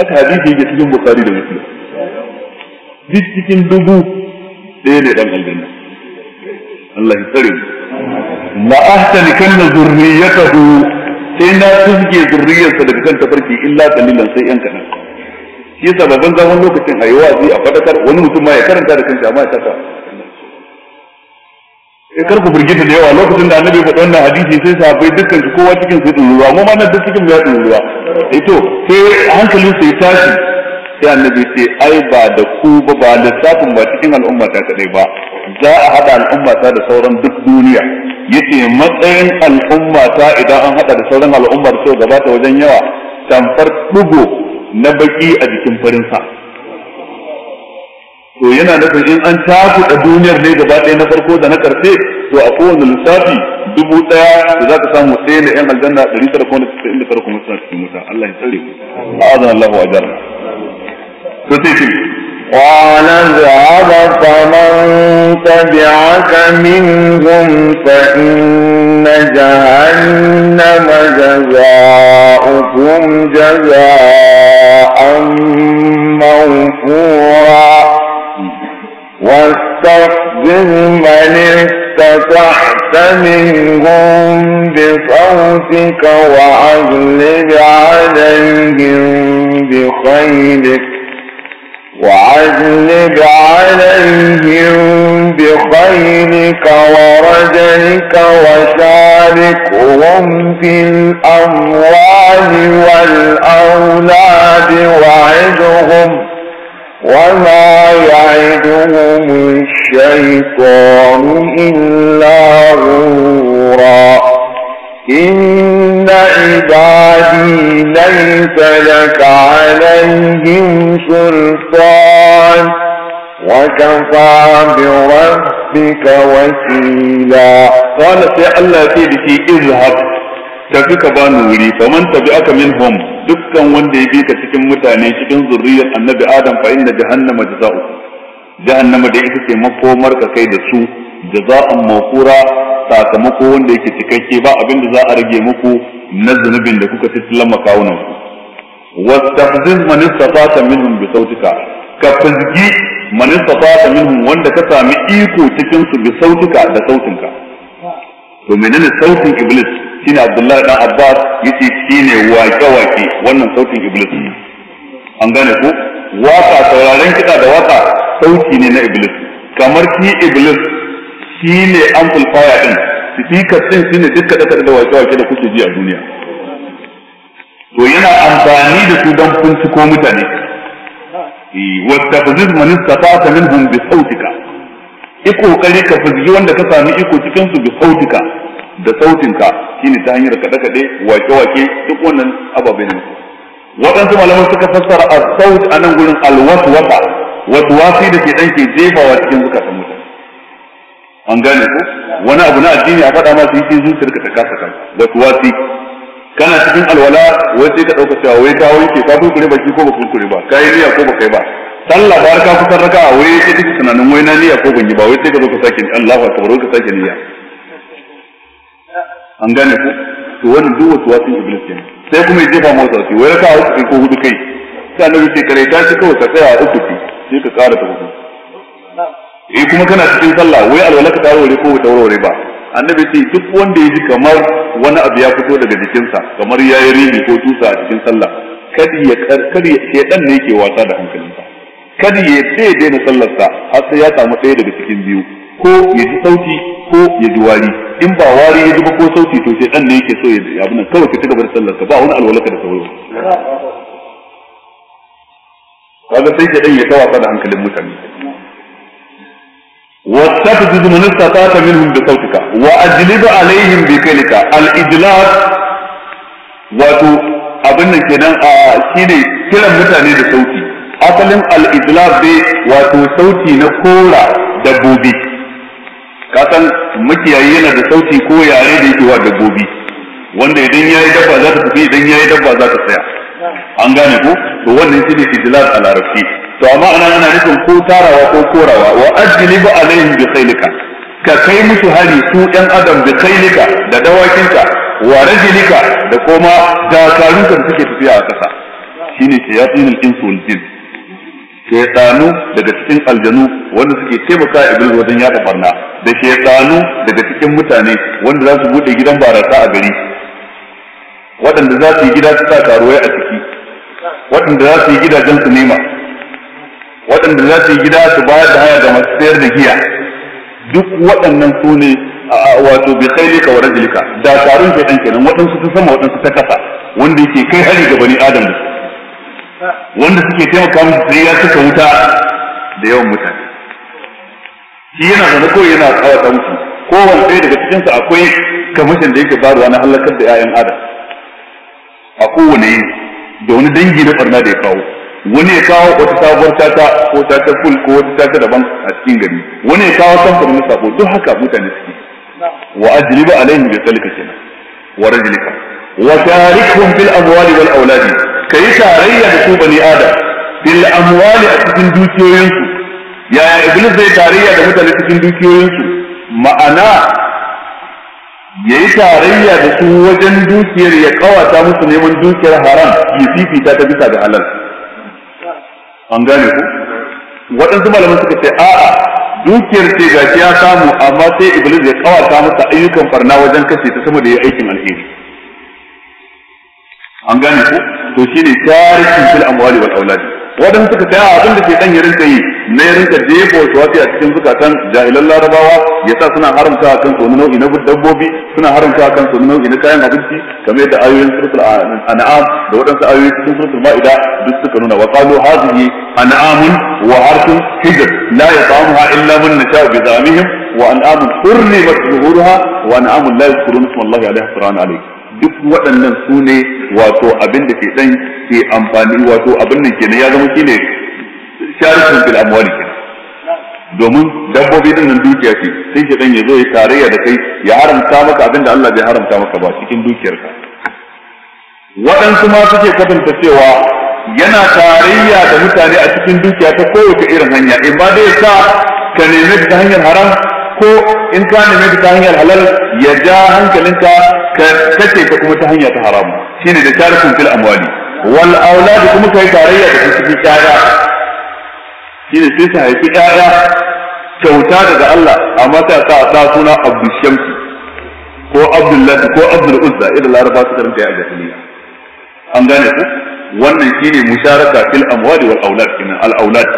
aka hadisi yake cikin bukari da muslim duk cikin dubu ɗaya ne ɗan aljanna Allah ya tsare mu la ahsani kanna zurriyatahu sai na tuzge zurriyarsa daga kan tafarki illa kalilan sai yan kadan shi yasa babban zaman lokacin a yi a fadakar wani mutum ma ya karanta da kansa amma ya kasa eh, kar ku burgita da yawa lokacin da annabi faɗi wannan hadisi sai sahabbai dukkan su kowa cikin su yi ruwa mu ma na duk cikin ya ya ruwa eh to sai hankalin ya tashi sai annabi ce ai ba da ku ba ba lissafin ba cikin al'umma ta kadai ba za a hada al'umma ta da sauran duk duniya yace matsayin al'umma ta idan an hada da sauran al'umma da suka gabata wajen yawa tamfar dugo na baki a jikin farin sa to yana nufin in an tafi da duniyar ne gaba ɗaya na farko da na karfe to a kowane lissafi dubu ɗaya da za ka samu ɗaya na 'yan aljanna ɗari tara kuma da cikin wuta Allah ya tsare ku a'azan Allah wa continue قال اذهب فمن تبعك منهم فإن جهنم جزاؤكم جزاء موفورا واستخدم من استطعت منهم بصوتك وأغلب عليهم بخيلك وعذب عليهم بخيرك ورجلك وشاركهم في الأموال والأولاد وعدهم وما يعدهم الشيطان إلا غرورا إن عبادي ليس لك عليهم سلطان وكفى بربك وكيلا قال تعالى سيدك اذهب تفك بانوري فمن تبعك منهم دكا وندي بيك تكن متاني تكن ذرية النبي آدم فإن جهنم جزاؤه جهنم دي إتسي مفو مركا كيد السوء جزاء موفورا sakamako wanda yake cikakke ba abin da za a rage muku na zunubin da kuka tattalan makawunan ku wastahzin man istata minhum bi sautika ka fizgi man istata minhum wanda ka sami iko cikin su bi sautika da sautinka to menene sautin iblis shine abdullahi dan abbas yace shine wake wake wannan sautin iblis an gane ko waka sauraren kiɗa da waka sauti ne na iblis kamar ki iblis shi ne amplifier din speaker din shi ne duk kada da wake wake da kuke ji a duniya to yana amfani da su don binciko mutane eh, wastafziz man istata'ta minhum bi sautika iko kare ka fizgi wanda ka sami iko cikin su bi sautika da sautinka shine ta hanyar kada kade wake wake duk wannan ababen ne waɗansu malamai suka fassara as-saut anan gurin al-waswasa waswasi da ke dan ke jefawa cikin zukatan an gane ko wani abu na addini a faɗa ma su yi sun sirka ta kasa kan da kuwasi kana cikin alwala wai sai ka ɗauka cewa wai ka wanke ka ba baki ko ba kurkure ba ka yi niyya ko ba kai ba sallah ba ka kusan raka a wai sai duka tunanin wai na niyya ko ban yi ba wai sai ka zo ka sake Allahu akbar ka sake niyya an gane ko to wani duk wasu wasu iblis ne sai kuma ya jefa motsa su wai raka uku ko hudu kai sai annabi ce kare ta shi kawai ka tsaya uku sai ka ƙara ta hudu eh kuma kana cikin sallah wai alwalaka ka wuri ko ta wuri ba annabi ce duk wanda ya ji kamar wani abu ya fito daga jikinsa kamar ya yi rini ko tusa a cikin sallah kadi ya kada ya ne yake wasa da hankalinsa Kadi ya ce daina sallarsa har sai ya samu ɗaya daga cikin biyu ko ya ji sauti ko ya ji wari in ba wari ya ji ba ko sauti to sai dan ne yake so ya ji abin nan kawai ka ci gaba da sallar ka ba wani alwalaka da sauro kaga sai ya dan ya kawafa da hankalin mutane واستفزز من استطعت منهم بصوتك واجلب عليهم بفعلك الاجلاب wato abin nan kenan a shine kiran mutane da sauti asalin al-idlab dai wato sauti na kora dabbobi kasan makiyayi yana da sauti ko yare da yake wa dabbobi wanda idan yayi dabba za ta tafi idan yayi dabba za ta tsaya an gane ko to wannan shine idlab a larabci to amma ana ana nufin ko tarawa ko korawa wa ajlibu alaihim bi khailika ka kai musu hari su ɗan adam bi khailika da dawakinka wa rajulika da kuma dakarunka da suke tafiya a ƙasa shine shayatin al-insu wal jin shaytanu daga cikin aljanu wanda suke taimaka iblis wajen yada barna da shaytanu daga cikin mutane wanda za su bude gidan barasa a gari waɗanda za su yi gida su sa karuwai a ciki waɗanda za su yi gidajen su nema waɗanda za su yi gida su ba da haya ga masu sayar da giya duk waɗannan su ne wato bi khairi ka wa rajulika da tarin ke dan kenan waɗansu ta sama waɗansu ta kasa wanda yake kai hari ga bani adam wanda suke taimaka musu sai ya suka wuta da yawan mutane shi yana da ko yana tsawata musu kowane ɗaya daga cikinsu akwai kamashin da yake faruwa na halakar da 'ya'yan adam a kowane da wani dangi na barna da ya kawo wani ya kawo wata sabuwar tata ko tata full ko wata tata daban a cikin gari wani ya kawo samfur na sako duk haka mutane suke wa ajriba alaihim bi zalika kenan wa rajulika wa tarikhum fil amwali wal auladi kai tarayya da su bani adam bil amwali a cikin dukiyoyinsu yaya iblis zai tarayya da mutane cikin dukiyoyinsu ma'ana yayi tarayya da su wajen dukiyar ya kawata musu neman dukiyar haram ya fifita ta bisa da halal an gane ku waɗansu malaman suka ce a'a dukiyar ce ga ya samu amma sai iblis ya kawata masa ayyukan farna wajen kashe ta sama da ya aikin alheri an gane ku to shine tarikin fil amwali wal auladi waɗanda suka kaya abin da ke ɗan ya rinka yi na ya rinka jefa wasu wasu a cikin zukatan jahilan larabawa ya sa suna haramta a kansu wani nau'i na dabbobi suna haramta a kansu wani nau'i na kayan abinci kamar yadda ayoyin surtul an'am da waɗansu ayoyi cikin surtul ma'ida duk suka nuna wa qalu hadhihi an'amun wa harsun hijr la yata'amuha illa man nasha'u bi zamihim wa an'amun hurrimat zuhuruha wa an'amun la yadhkuruna isma Allah alaiha sirran alayhi waɗannan su ne wato abin da ke ɗan ke amfani wato abin nan ke ya zama shine sharikun fil amwali kenan domin dabbobi din nan dukiya ce sai shi ɗan ya zo ya tarayya da kai ya haramta maka abin da Allah bai haramta maka ba cikin dukiyarka waɗansu ma suke kwatanta cewa yana tarayya da mutane a cikin dukiya ta kowace irin hanya in ba dai sa ka nemi ta hanyar haram ko in ka neme ta hanyar halal ya ja hankalinka ka kace ka kuma ta hanya ta haramu shine da tarikun fil amwali wal aulad kuma kai tarayya da cikin yaya shine sai ta haifi yaya kyauta daga Allah amma ta sa da suna Abdul Shamsi ko Abdullahi ko Abdul Uzza idan Laraba su karanta a jahiliya an gane ku wannan shine musharaka fil amwali wal aulad kinan al aulad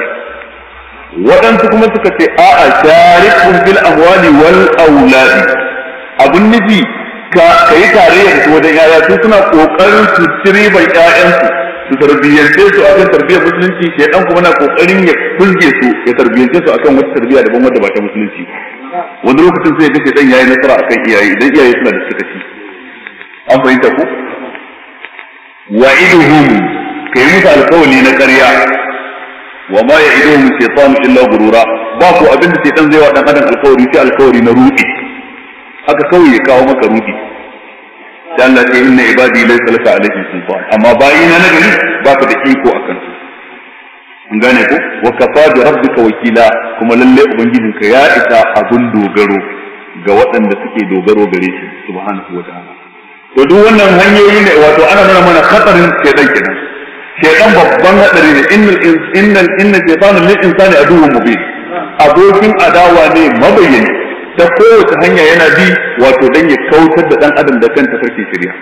waɗansu kuma suka ce a'a sharikun fil amwali wal auladi abun nufi ka yi tarayya da su wajen yaya su suna kokarin su cire bai ƴaƴansu su tarbiyyance su akan tarbiyyar musulunci ke kuma na kokarin ya kulge su ya tarbiyyance su akan wata tarbiyya daban wadda ba ta musulunci wani lokacin sai ga shedan yayi nasara akan iyaye idan iyaye suna da suka ci an fahimta ku wa'iduhum kai musu alkawali na ƙarya wa ma ya'iduhum shaytan illa gurura ba ku abin da shaytan zai wa dan adam alkawari sai alkawari na rudi haka kawai ya kawo maka rudi dan la ta inna ibadi laysa laka alaihim sultan amma bayina na gari ka da iko akan su an gane ko wa kafa bi rabbika wakila kuma lalle ubangijinka ya isa abun dogaro ga waɗanda suke dogaro gare shi subhanahu wa ta'ala to duk wannan hanyoyi ne wato ana nuna mana khatarin shaytan kenan shaytan babban hadari ne innal innal inna shaytanu lil insani aduwwun mubin abokin adawa ne mabayyani ta kowace hanya yana bi wato dan ya kautar da dan adam da kanta sarki shirya.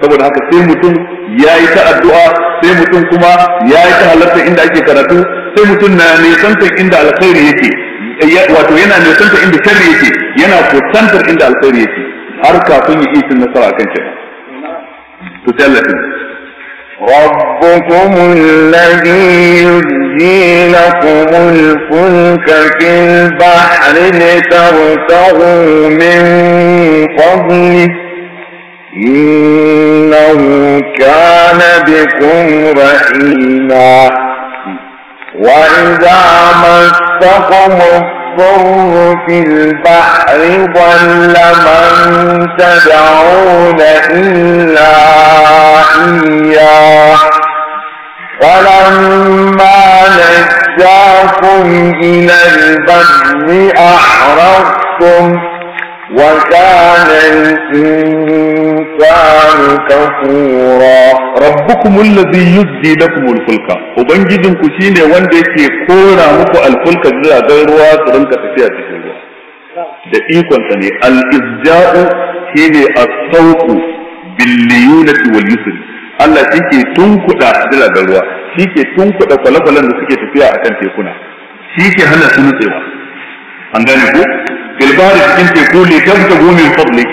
saboda haka sai mutum ya yi ta addu'a sai mutum kuma ya yi ta halarta inda ake karatu sai mutum na nisantar inda alkhairi yake wato yana nisantar inda sharri yake yana kusantar inda alkhairi yake har kafin ya yi nasara kan shi to sai Allah ربكم الذي يجزي لكم الفلك في البحر لترتغوا من فضله إنه كان بكم رحيما وإذا مسكم الضر في البحر ضل من تدعون إلا فلما نجاكم إلى البر أحرقتم وكان الإنسان كفورا ربكم الذي يجزي لكم الفلك وبنجدن كشيني وندي كي كورا مكو الفلك جزا غيروا ترنك تسيا تسيا da ikonsa ne al-izja'u shine as-sawqu bil-liyunati wal-yusri Allah shi ke tunkuɗa jiragen ruwa shi ke tunkuɗa kwale-kwalen da suke tafiya a kan tekuna shi ke hana su nutsewa an gane ku filbari cikin teku ne tabta gomin fadli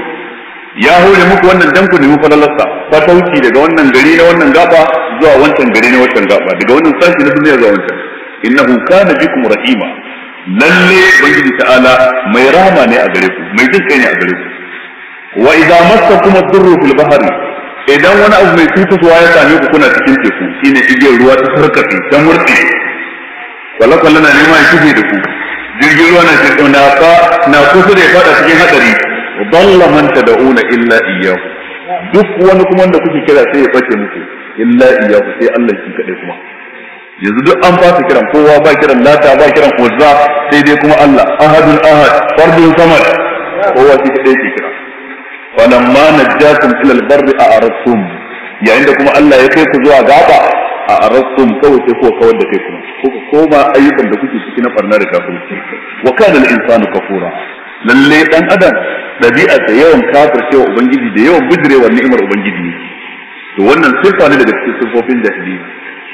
ya hore muku wannan dan ku nemi falalarsa fatauci daga wannan gari na wannan gaba zuwa wancan gari na wancan gaba daga wannan sashi na duniya zuwa wancan innahu kana bikum rahima lalle ubangiji ta'ala mai rama ne a gare ku mai jin ne a gare ku wa idza massakum ad-durru fil bahri idan wani abu mai tutuswa ya same ku kuna cikin teku shine igiyar ruwa ta sarkafi ta murfi kwale na nema ya shige da ku jirgin ruwa na cikin na fa na kusa da ya fada cikin hadari manta man tad'una illa iyyahu duk wani kuma wanda kuke kira sai ya bace muku illa iyyahu sai Allah shi kadai kuma yanzu duk an fasa kiran kowa ba kiran lata ba kiran uzza sai dai kuma Allah ahadun ahad fardun samad kowa shi kadai ke kira falamma najjakum ila albarri a arastum yayin da kuma Allah ya kai ku zuwa gaba a arastum kawai sai ko kawar da kai kuma kuka koma ayyukan da kuke ciki na barna da kafirci wa kana al-insanu kafura lalle dan adam dabi'a da yawan kafircewa ubangiji da yawan bijirewa ni'imar ubangiji to wannan sifa ne daga cikin sifofin jahiliya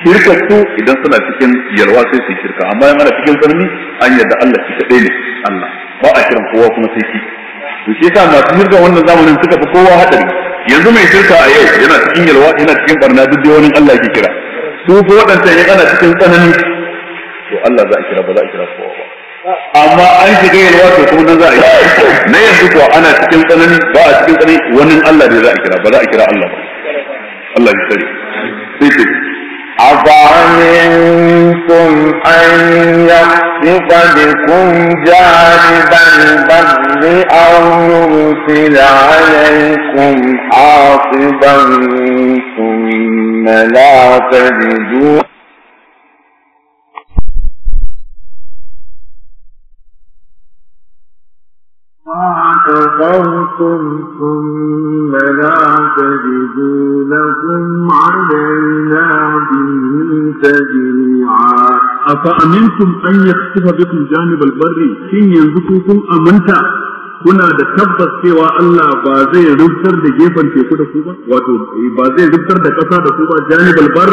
shirka su idan suna cikin yalwa sai su shirka amma ana cikin sarni an da Allah shi kadai ne Allah ba a kiran kowa kuma sai to shi yasa masu shirka wannan zamanin suka fi kowa hadari yanzu mai shirka a yau yana cikin yalwa yana cikin barna duk da wannan Allah ke kira su ko wadanda ya kana cikin tsanani to Allah za a kira ba za a kira kowa ba amma an shiga yalwa to kuma nan za a yi na yanzu kuwa ana cikin tsanani ba a cikin tsanani wani Allah ne za a kira ba za a kira Allah ba Allah ya tsare sai sai أفأمنتم أن يخسف بكم جانب البر أو يرسل عليكم حاصبا ثم لا تجدون فاعتذرتم ثم لا تجدوا لكم علينا به تجريعا أفأمنتم أن يخسف بكم جانب البر حين ينزكوكم أمنتا kuna da tabbas cewa Allah ba zai rubtar da gefen teku da kuma ba wato ba zai rubtar da kasa da kuma ba janibal bar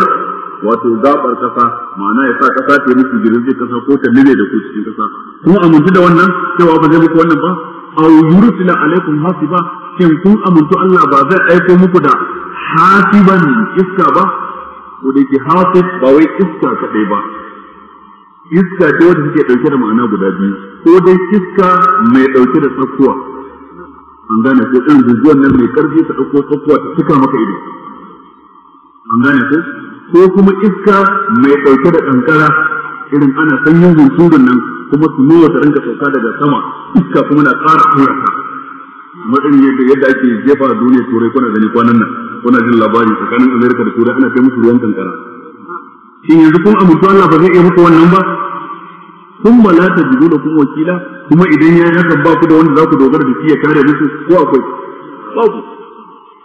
wato gabar kasa ma'ana ya sa kasa ta yi girin zai kasa ko ta lile da ku cikin kasa kuma amintu da wannan cewa ba zai muku wannan ba aw alaikum hasiba shin kun amintu Allah ba zai aiko muku da hasiban iska ba ko da ke hasib ba wai iska kadai ba iska ce wanda take dauke da ma'ana guda biyu ko dai iska mai dauke da tsakuwa an gane ko irin guguwar nan mai karfi ta dauko tsakuwa ta cika maka ido an gane ko ko kuma iska mai dauke da kankara irin ana sanyin hunsurun nan kuma su nuna ta rinka sauka daga sama iska kuma na ƙara tura ta matsayin yadda yadda ake jefa duniya turai kuna gani kwanan nan kuna jin labari tsakanin amerika da turai ana kai musu ruwan kankara shin yanzu kun amintu Allah ba zai iya muku wannan ba kun ba la da kun wakila kuma idan ya haka ba ku da wanda za ku dogara da shi ya kare musu ko akwai babu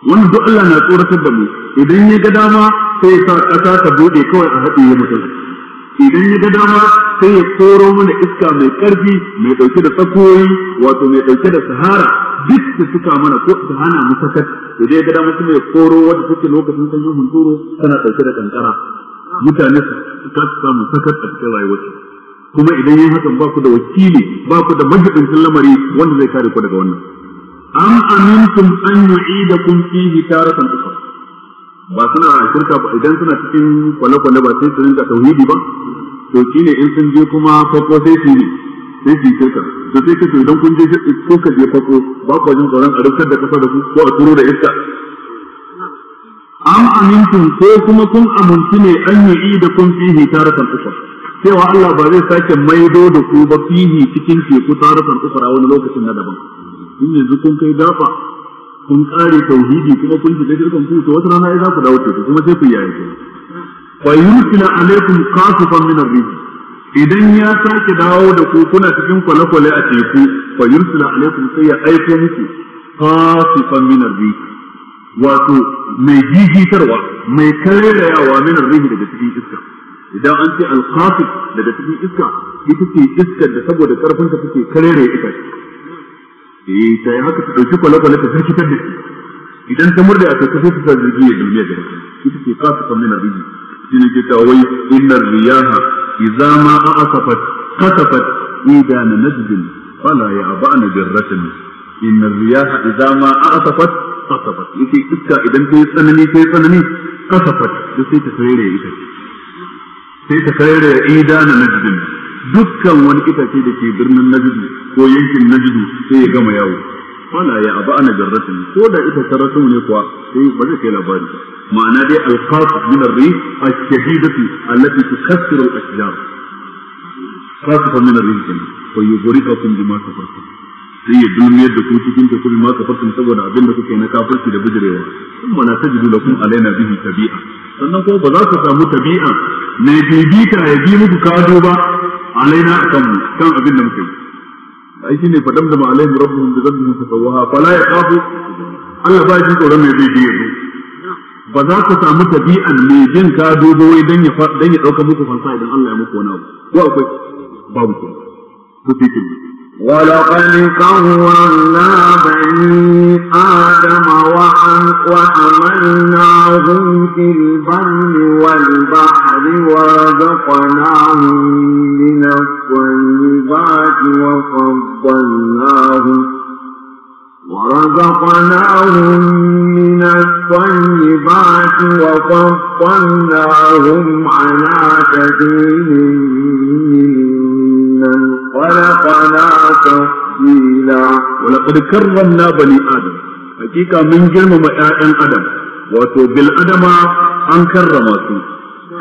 Wani duk Allah na tsoratar da mu idan ya ga dama sai ya sa ƙasa ta buɗe kawai a haɗe mutum idan ya ga dama sai ya koro mana iska mai karfi mai dauke da tsakoyi wato mai dauke da sahara duk da suka mana ko su hana mu sakat idan ya ga dama ya koro wanda take lokacin sanyin hunturu tana dauke da kankara mutane su ta samu sakat a cikin rayuwarsu kuma idan yin hakan ba ku da wakili ba ku da majibincin lamari wanda zai kare ku daga wannan am amintum an yu'idakum fihi taratan ukhra ba suna shirka ba idan suna cikin kwale-kwale ba sai su rinka tauhidi ba to ne in sun je kuma farko sai su ne sai su yi shirka to sai kace idan kun je ko ka je farko ba ku jin tsoron a rufar da kasa da ku ko a turo da iska am amintum ko kuma kun amintu ne an yi da kun fihi taratan ukra cewa Allah ba zai sake maido da ku ba fihi cikin teku taratan a wani lokacin na daban in yanzu kun kai dafa kun kare tauhidi kuma kun shiga shirkan ku to wata rana ai za ku dawo teku kuma sai ku yaye ku wa yursila alaikum qasifan min ar-rih idan ya sake dawo da ku kuna cikin kwale-kwale a teku fa yursila alaikum sai ya aiko muku qasifan min ar-rih wato mai jijitarwa mai karairayawa min ar-rih daga cikin iska idan an ce al-qasif daga cikin iska ita ce iskar da saboda karfin ta take karairaye ita eh ta yi haka ta dauki kwale-kwale ta sarki da dace idan ta murda a kai su ta jirgi ya duniya da shi ita ke kafa kan mina riji shi ne ke tawai innar riyaha idza ma a'asafat kasafat idana na najdin fala ya abana jarratin innar riyaha idza ma a'asafat kasafat yake iska idan ta yi tsanani ta yi tsanani kasafat duk sai ta karere ita sai ta karere idana na najdin dukkan wani itace da ke birnin najdin ko yankin najdu sai ya gama yawo fala ya abu ana jarratin ko da ita sarrafin ne kuwa sai ba zai kai labari ma'ana dai alqaf min ar-rih ash-shadidati allati tukassiru al-ashjar qasfa min ar-rih fa yughriqakum bima kafartum sai ya duniyar da ku cikin da kuma maka fatin saboda abin da kuke na kafirci da bijirewa kuma na tajidu lakum alaina bihi tabi'a sannan ko ba za ku samu tabi'a ne bibita ya bi muku kado ba alaina kan kan abin da muke yi aiki ne fadam da ma'alaihim rabbuhum bi dhanbihim fatawaha fala yaqafu Allah ba shi tsoron mai zai je yanzu ba za ka samu tabi'an ne jin ka dogo wai dan ya dan ya dauka muku fansa idan Allah ya muku wani abu ko akwai babu ko ku ولقد كرمنا بني آدم وحملناهم في البر والبحر ورزقناهم من الطيبات وفضلناهم ورزقناهم من الطيبات وفضلناهم على كثير من خلقنا تفصيلا ولقد كرمنا بني آدم حقيقة من جرم ما آدم آدم وتو بالآدم أن كرماتي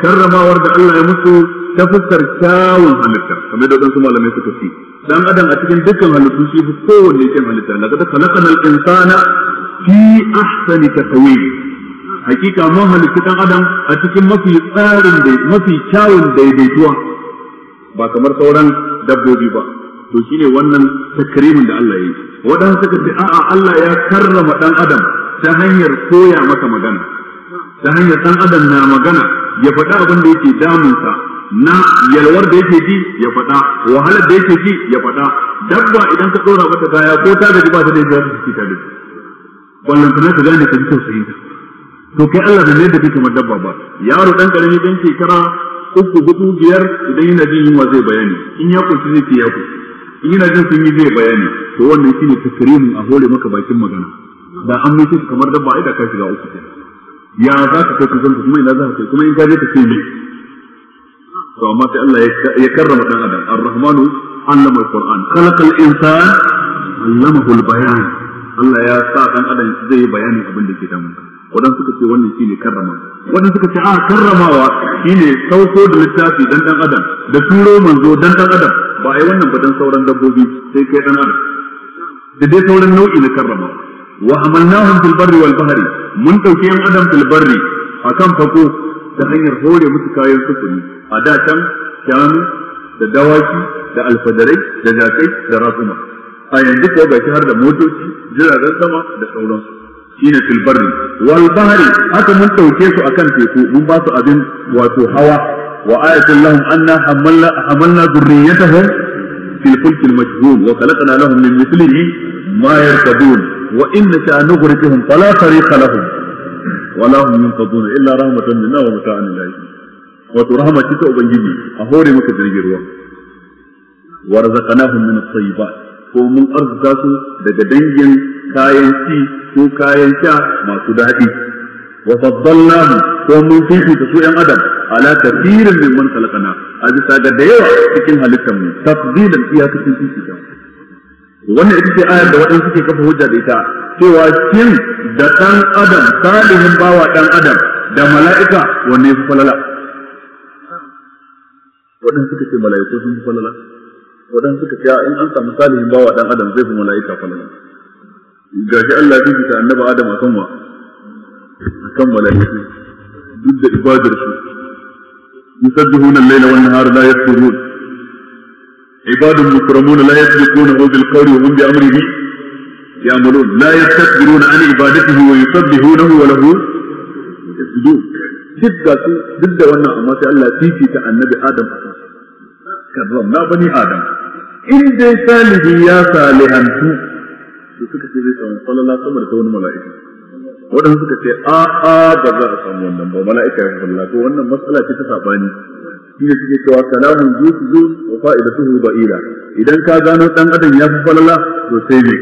كرما ورد الله يمسو تفسر كاون halittar kamar da wadansu malamai suka ce dan adam a cikin dukkan halittu shi fi kowanne yake halittar laqad khalaqana al-insana fi ahsani taqwim hakika mun halitta dan adam a cikin mafi tsarin mafi kyawun daidaituwa ba kamar sauran dabbobi ba to shine wannan takrimin da Allah ya yi wadan suka ce a'a Allah ya karrama dan adam ta hanyar koya masa magana ta hanyar dan adam na magana ya faɗa abin da yake damunsa na yalwar da yake ji ya faɗa wahalar da yake ji ya faɗa dabba idan ka ɗora mata kaya ko ta gaji ba ta da yadda ta ta gaji wannan tana ta gane ka ji sosai to kai Allah bai da kai kamar dabba ba yaro dan karami dan shekara uku hudu biyar idan yana jin yunwa zai bayani in ya kunci zai ce ya in yana jin sun yi zai bayani to wannan shine takrimin a hore maka bakin magana da an mai su kamar dabba ai da ka shiga uku ya za ka kai kusan kuma ina za ka kai kuma in ka je ka ce me to amma sai Allah ya karrama dan adam ar-rahmanu allama al-qur'an khalaqal insana allamahu al-bayan Allah ya sa dan adam zai bayani abin da ke damunsa wadanda suka ce wannan shine karrama wadanda suka ce a ah, karramawa shine sauko da littafi dan dan adam da turo manzo dan dan adam ba ai wannan ba dan sauran dabbobi sai kai dan adam da dai sauran nau'i na karrama wa amalnahum fil barri wal bahri mun dauke yan adam fil barri akan fako da hanyar hore musu kayan sufuri a da can shanu da dawaki da alfadarai da jakai da rafuma a yanzu ko gashi har da motoci jiragen sama da sauransu shine fil barri wal bahri haka mun dauke su akan teku mun ba su abin wato hawa wa ayatul lahum anna hamalna hamalna dhurriyyatahum fil fulk al majhul wa khalaqna lahum min mithlihi ma yarkabun wa in sha'a nughriqhum fala tariqa lahum wala hum yunqadun illa rahmatan minna wa mata'an ilahi wato rahama ce ta ubangiji a hore maka jirgin ruwa wa razaqnahum min at-tayyibat ko mun arzuta su daga dangin kayan ci ko kayan sha masu daɗi wa faddalnahu ko mun ta su ƴan adam ala kafirin min man talakana a bisa ga da yawa cikin halittar mu tafdilan fifi ta wannan ita ce ayar da waɗansu suke kafa hujja da ita cewa shin da ɗan adam salihin bawa ɗan adam da mala'ika wanne ya fi falala waɗansu suka ce mala'iku sun fi falala waɗansu suka ce in an samu salihin bawa ɗan adam zai fi mala'ika falala Gashi Allah ya ji ta annaba Adam a sanwa a san malaikatu duk da ibadar su yusabbihu na laila wan nahar la yasrun ibadun mukramun la yasrun hu bil qawli wa hum bi amrihi ya'malun la yastakbiruna an ibadatihi wa yusabbihunahu wa lahu yasjudun duk da su duk da wannan amma sai Allah fifi ta annabi Adam a sanwa kadwa na bani Adam in dai Salihu ya salihantu su suka ce zai samu falala sama da ta wani mala'ika waɗanda suka ce a a ba za a samu wannan ba mala'ika ya falala to wannan matsala ce ta sabani shi ne suke cewa kalamun zuci zu wa fa'idatuhu ba'ira idan ka gano dan adam ya fi falala to sai me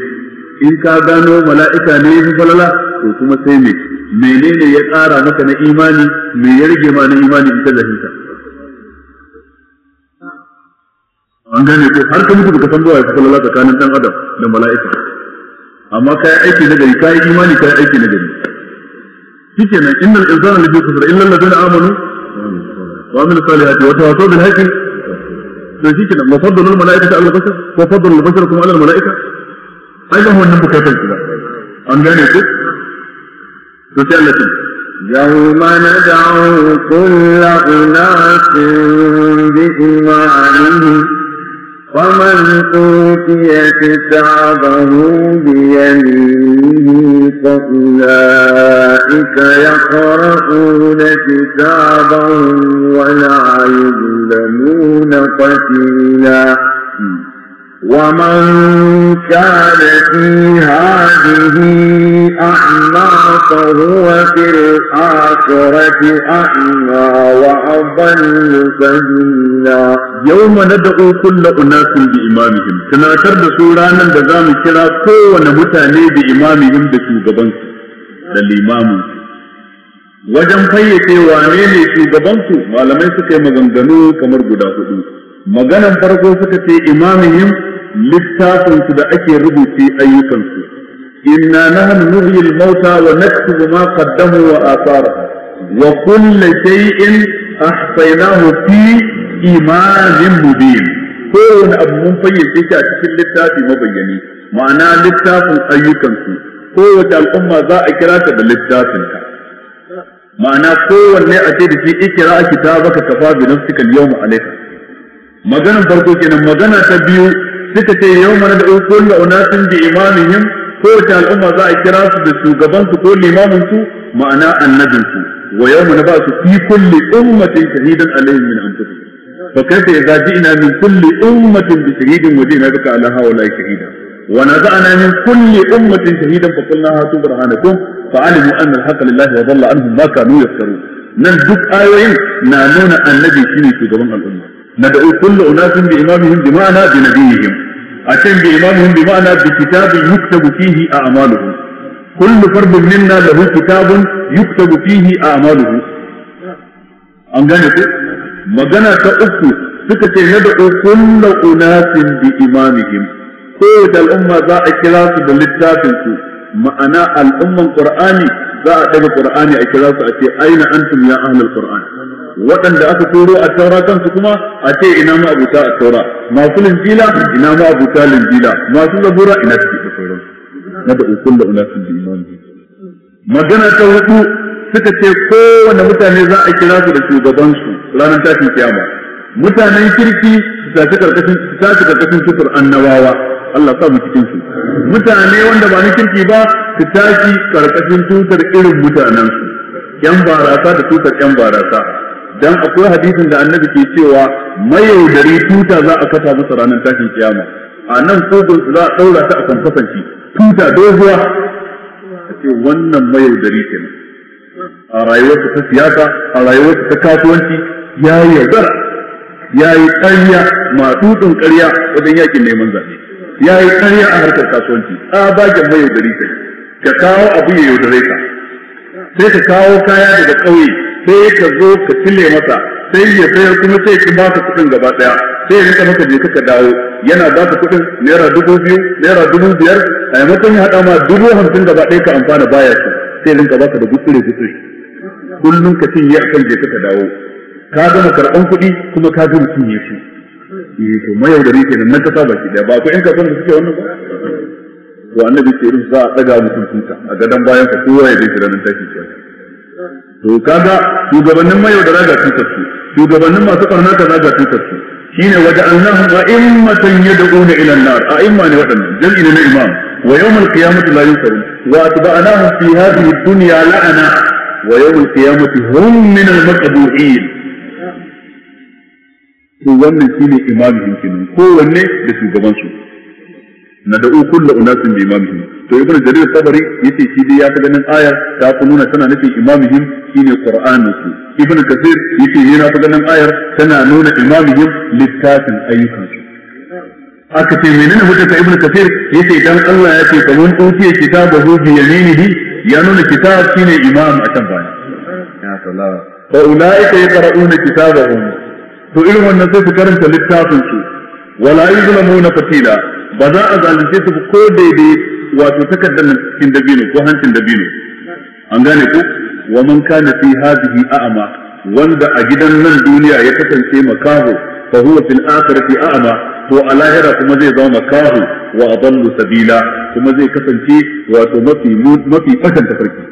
in ka gano mala'ika ne ya fi falala to kuma sai me menene ya ƙara maka na imani me ya rage ma na imani in ka zahita an gane ko har ka mutu baka san ba ya fi falala tsakanin dan adam da mala'ika amma kai aiki na gari kai imani kai aiki na gari nan innal insana lafi khusr illa alladhina amanu wa amilu salihati wa tawassaw bil haqqi to kike nan faddalul malaikata ala bashar wa faddalul bashar kuma ala al-malaika ai ba wannan bukatar kida an gane ku to sai Allah ya يوم ندعو كل أناس بإمامهم ومن أوتي كتابه بيمينه فأولئك يقرؤون كتابهم ولا يظلمون قتيلا ومن كان في هذه أعمى فهو في الآخرة أعمى وأضل سبيلا يوم ندعو كل أناس بإمامهم كنا ترد سورانا بزام كلا كون متاني بإمامهم بشوغبانك للإمام وجم فيك wane ne shugabansu malamai suka yi maganganu kamar guda مغنم فرقو فكتي إمامهم littafinsu da ake rubuce ayyukansu inna nahnu nuhyil mauta wa naktubu ma qaddamu wa athara wa kullu shay'in ahsaynahu fi imanin mubin kowane abu mun fayyace shi a cikin littafi mabayyani ma'ana littafin ayyukansu kowace al'umma za a kira ta da littafinta ma'ana kowanne a ce da shi ikira kitabaka kafa bi nafsika al-yawma alayka maganar farko kenan magana ta biyu suka ce yau mana da ukun da unatin bi imamihim kowace al'umma za a kira su da shugabansu ko limamin su ma'ana annabinsu wa yau mana ba su fi kulli ummatin shahidan alaihim min anfusihim fa kaifa idza ji'na min kulli ummatin bi shahidin wa ji'na bika ala haula shahida wa nada'na min kulli ummatin shahidan fa qulna hatu burhanakum fa alimu anna al-haqqa lillahi wa dhalla anhum ma kanu yaftarun nan duk ayoyin na nuna annabi shine shugaban al'umma ندعو كل أناس بإمامهم بمعنى بنبيهم أتم بإمامهم بمعنى بكتاب يكتب فيه أعمالهم كل فرد منا له كتاب يكتب فيه أعماله an gane ku magana ta uku suka ce na da kulla unasin bi imamihim ko da al'umma za a kira su da littafin su ma'ana al'umman qur'ani za a daga qur'ani a kira a ce aina antum ya waɗanda aka turo a taura kansu kuma a ce ina ma abuta a taura masu linjila ina ma abuta linjila masu zabura ina suke da sauran na da ukun da ina sun bi imani magana ta hudu suka ce kowane mutane za a kira su da shugabansu ranar tashin kiyama mutanen kirki su tafi karkashin su tashi karkashin annabawa Allah sa mu cikin su mutane wanda ba na kirki ba su tafi karkashin tutar irin mutanensu yan barasa da tutar yan barasa dan akwai hadisin da annabi ke cewa mayaudari tuta za a kata masa ranar tashin kiyama a nan kogon za a daura ta a kan kasance tuta dozuwa a ce wannan mayaudari nan a rayuwarsa ta siyasa a rayuwarsa ta kasuwanci ya yi yaudara ya yi ma tutun karya wajen yakin neman zaɓe ya yi karya a harkar kasuwanci tsabagen mayaudari ke ka kawo abu ya yaudare ka sai ka kawo kaya daga ƙauye sai ka zo ka cile masa sai ya sayar kuma sai ka ba ta kuɗin gaba ɗaya sai ya rika maka je ka dawo yana ba ka kuɗin naira dubu biyu naira dubu biyar a maimakon ya haɗa ma dubu hamsin gaba ɗaya ka amfana baya su sai rinka baka da gutsure gutsure kullum ka cinye a kan je ka dawo ka gama karɓan kuɗi kuma ka gama cinye su eh to mayaudari kenan ka saba baki ɗaya ba in ka san da suke wannan ba to annabi ce irin za a ɗaga mutum tuta a gadon bayan ka kowa ya je shi ranar tashi kenan to kaga shugabannin da raga tutar su shugabannin masu karna da raga tutar su shine waje annahum a'immatan yad'una ila an-nar imma ne wadannan jami'i ne na imam wa yawm al-qiyamati la yunsarun wa atba'nahum fi hadhihi ad-dunya la'ana wa yawm al-qiyamati hum min al maqdu'in to wannan shine imamin kenan kowanne da shugabansu su na da'u kullu unasin bi imamihim to ibn jarir tabari yace shi dai ya ta ganin ayar ta fi nuna tana nufin imamihim shine qur'anin su ibn kasir yace yana ta ganin ayar tana nuna imamihim littafin ayyukan su aka ce menene hujjata ibn kasir yace dan Allah ya ce kaman utiya kitabahu bi yaminihi ya nuna kitab shine imam a can baya ya sallallahu fa ulaika yaqra'una kitabahum to irin wannan sai su karanta littafin su wala yuzlamuna fatila ba za a zalunce su ko daidai wato takardar nan cikin dabino ko hancin dabino an gane ku wa man kana fi hadhihi a'ma wanda a gidan nan duniya ya kasance makaho fa huwa fil akhirati a'ma to a lahira kuma zai zama makaho wa adallu sabila kuma zai kasance wato mafi mafi bakan tafarki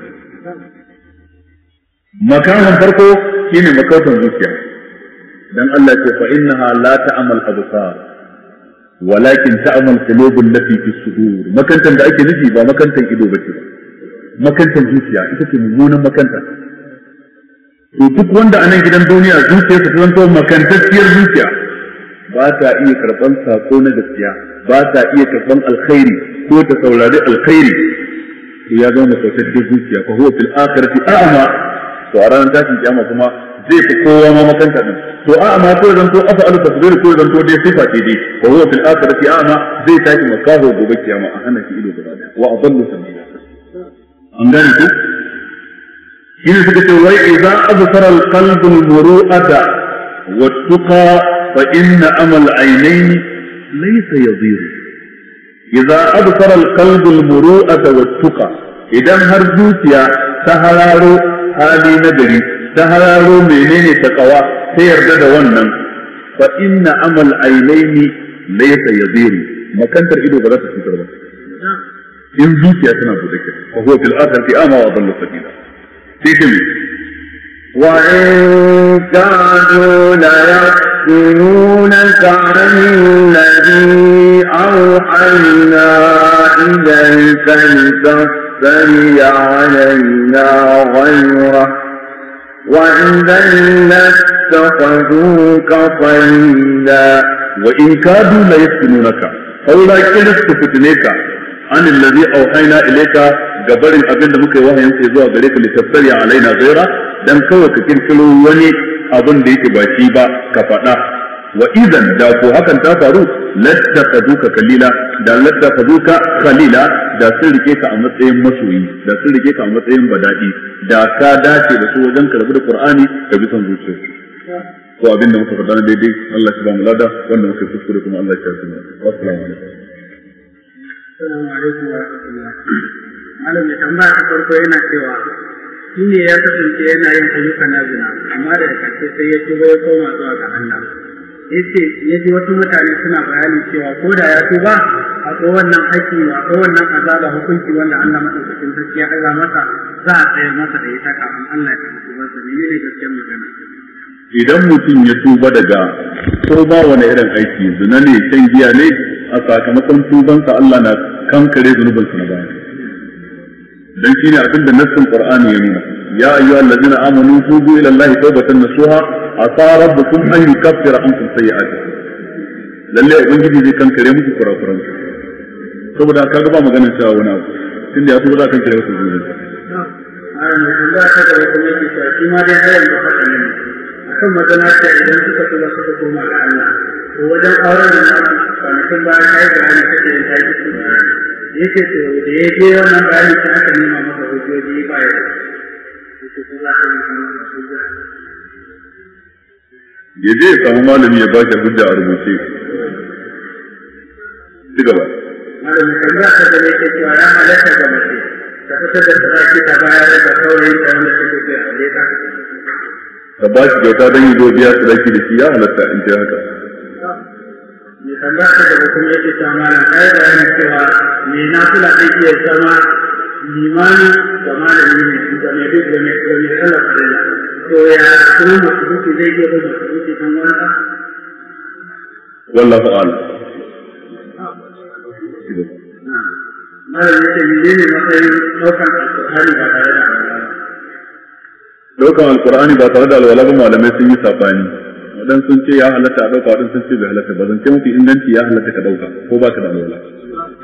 makahon farko shine makautan zuciya dan Allah ce fa innaha la ta'mal absar walakin ta'amal qulubul lati fi sudur makantan da ake nufi ba makantan ido bace ba makantan zuciya ita ce mummunan makanta to duk wanda anan gidan duniya zuciyarsa ta zanto makantacciyar zuciya ba ta iya karban sako na gaskiya ba ta iya karban alkhairi ko ta saurari alkhairi to ya zama makantacciyar zuciya fa huwa fil akhirati a'ma to a ranar tashin kiyama kuma zai fi kowa ma makanta din to a amma ko zan to afa alu tafdil ko zan to dai sifa ce dai wa huwa fil akhirati a'ma zai tashi makaho gobe kiyama a hana ki ido gaba wa adallu sabila an gani ko shi ne suka ce wai idza absara al qalb al muru'ata wa tuqa fa inna amal aynayn laysa yadhir idza absara al qalb al muru'ata wa tuqa idan har zuciya ta hararo hali na gari ta hararo menene taqwa ta yarda da wannan fa inna amal ainaini laysa yadiru makantar ido ba za ta cutar ba in zuciya tana bude ke fa huwa fil akhirati ama wa dalla sabila sai ke me wa in kanu la يسألونك عن الذي أوحينا إليك لتفتري علينا غيره وإذا لاتخذوك خليلا وإن كادوا ليفتنونك أولا كلس تفتنيك عن الذي أوحينا إليك gabarin abin da muka yi wahayin sai zuwa gare ka a alaina zaira dan kawai ka kirkiro wani abin da yake baki ba ka faɗa wa idan da ko hakan ta faru ladda kaduka kalila da ladda kaduka kalila da sun rike ka a matsayin masoyi da sun rike ka a matsayin badadi da ka dace da su wajen karbi da qur'ani ka bi son zuciyarsu ko abin da muka faɗa na daidai Allah ya ba mu lada wanda muka kuskure kuma Allah ya tsare mu assalamu alaikum assalamu malam ya tambaya ta farko yana cewa shi ne ya kasance yana yin ayyukan na zina amma da kace sai ya tuba ya koma zuwa ga Allah ya ji wasu mutane suna bayani cewa ko da ya tuba akwai wannan haƙƙi akwai wannan azaba hukunci wanda Allah madaukakin sarki ya aiwa masa za a tsayar masa da ita kafin Allah ya tafi wasa da gaskiyar magana idan mutum ya tuba daga ko ba wani irin aiki zina ne shan giya ne a sakamakon tubansa Allah na kankare zunubansa na baya dan shine abin da nassin Qur'ani ya nuna يا أيها الذين آمنوا توبوا إلى الله توبة نصوحا عسى ربكم أن يكفر عنكم سيئاتكم lalle ubangiji zai kankare muku kurakuran saboda ka ga ba maganar cewa wani abu tunda ya saboda kankare wasu zuwa ma dai har yanzu haka ne akan magana ta idan suka tuba suka koma ga Allah to wajen auren da nasu kwanakin bayan ya yi bayani kake yin taki su yake to da ya je wannan bayani ta aka nema masa hujjoji ba ya ya je ya samu malami ya ba shi hujja a rubuce ci gaba malami kan ya ka gane ke cewa ya halatta ga mace ta fitar da sarki ta bayar da saurayi ta wanda take so ya aure ta ta ba shi kyauta don yi godiya sarki da shi ya halatta in ji haka mai tambaya da mutum yake ta yi ɗaya da yana cewa mai na fula ɗaya iya zama limani da malami ne da mai duk da mai da mai salaf da ya to ya kuma musulunci zai iya ba musulunci kan wanda wallahu a'lam malami ya ce menene matsayin ɗaukar alƙur'ani ba tare da ɗaukan alƙur'ani ba tare da alwala ba malamai sun yi saɓani wadan sun ce ya halatta a ɗauka wadan sun ce bai halatta ba zan ce mafi inganci ya halatta ka ɗauka ko ba ka da alwala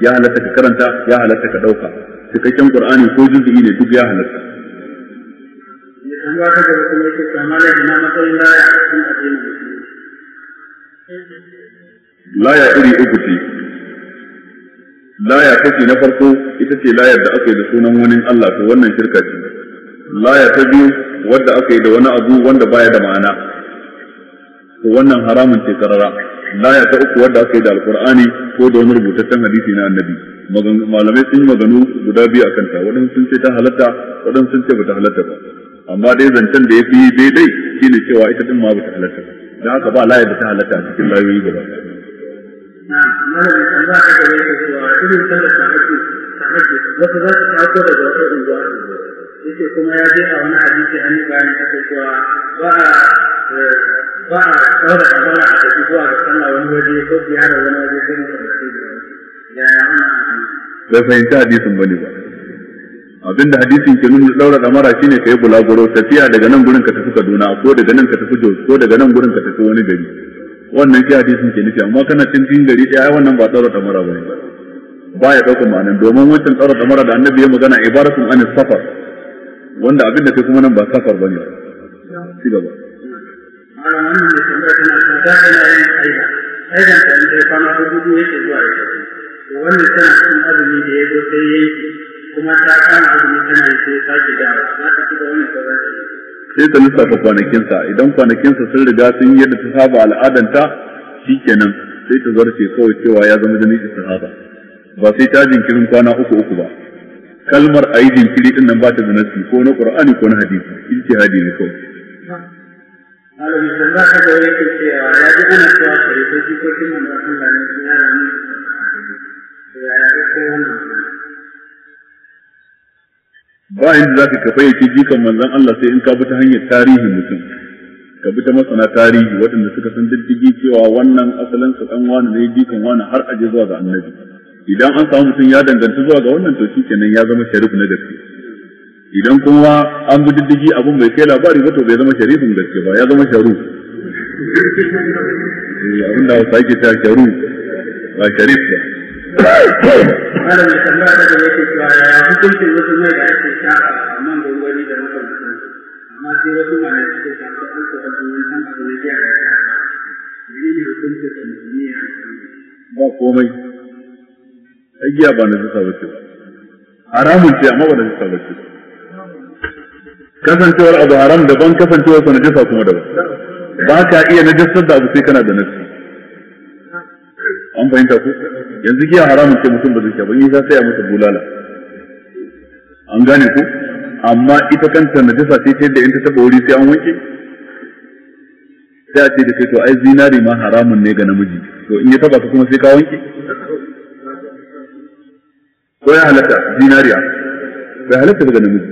ya halatta ka karanta ya halatta ka ɗauka cikakken qur'ani ko juz'i ne duk ya halatta ya da da ya laya iri uku ce laya kashi na farko ita ce layar da aka yi da sunan wani Allah to wannan shirka ce laya ta biyu wadda aka yi da wani abu wanda baya da ma'ana to wannan haramun ce karara laya ta uku wadda aka yi da alkur'ani ko da wani rubutaccen hadisi na annabi malamai sun yi maganu guda biyu a ta waɗansu sun ce ta halatta waɗansu sun ce bata halatta ba amma dai zancen da ya fi daidai shine cewa ita ɗin ma bata halatta ba da haka ba layar da ta halatta a cikin layoyi gaba ɗaya. yake kuma ya je a wani hadisi an yi bayan haka cewa ba a eh, ba a tsara kabara a tafi zuwa da sallah wani waje ko ziyara wani waje ko makamantan ya ya wannan hadisi bai fahimci hadisin bane ba abinda hadisin ke nuna daura damara shine kai bulaguro tafiya daga nan gurin ka tafi Kaduna ko daga nan ka tafi Jos ko daga nan gurin ka tafi wani gari wannan shi hadisin ke nufi amma kana cin cin gari ɗaya wannan ba daura damara bane ba ya dauka ma'anan domin wancan daura damara da annabi ya magana ibaratun anis safar wanda abin da kai kuma nan ba kafar bane ci gaba ta inda ya kwana ta sai ta yi ta ta sai ta lissafa kwanakinsa idan kwanakinsa sun riga sun yi yadda ta saba al'adanta shikenan sai ta zarce kawai cewa ya zama ta saba. ba sai ta jinkirin kwana uku uku ba kalmar yi jinkiri din nan ba ta zana su ko na qur'ani ko na hadisi in ne ko malamin da za ka ga yake a ya ji ana cewa sai ko ji ko kin mun Allah ne ya rani ya ya ko ba inda za ka kafa ya yake jikan manzan Allah sai in ka bi ta hanyar tarihin mutum ka bi ta masana tarihi waɗanda suka san diddigi cewa wannan asalin su ɗan wani ne jikan wani har aje zuwa ga annabi idan an samu mutum ya danganta zuwa ga wannan to shikenan ya zama sharif na gaske idan kuma an bi diddigi abin bai kai labari ba to bai zama sharifin gaske ba ya zama sharu eh, abin da wasa ta sharu ba sharif ba a ba komai giya ba na jisa bace ba haramun ce amma ba na jisa bace kasancewar abu haram daban kasancewar sa najasa kuma daban ba ka iya na najasar da abu sai kana da nasi an fahimta ku yanzu giya haramun ce mutum ba zai ba yi sai ya masa bulala an gane ku amma ita kanta na najasa ce ta yadda in ta taba wuri sai an wanke sai a ce da kai to ai zinari ma haramun ne ga namiji to in ya taba ka kuma sai ka wanke ko ya halatta zinariya bai halatta daga namiji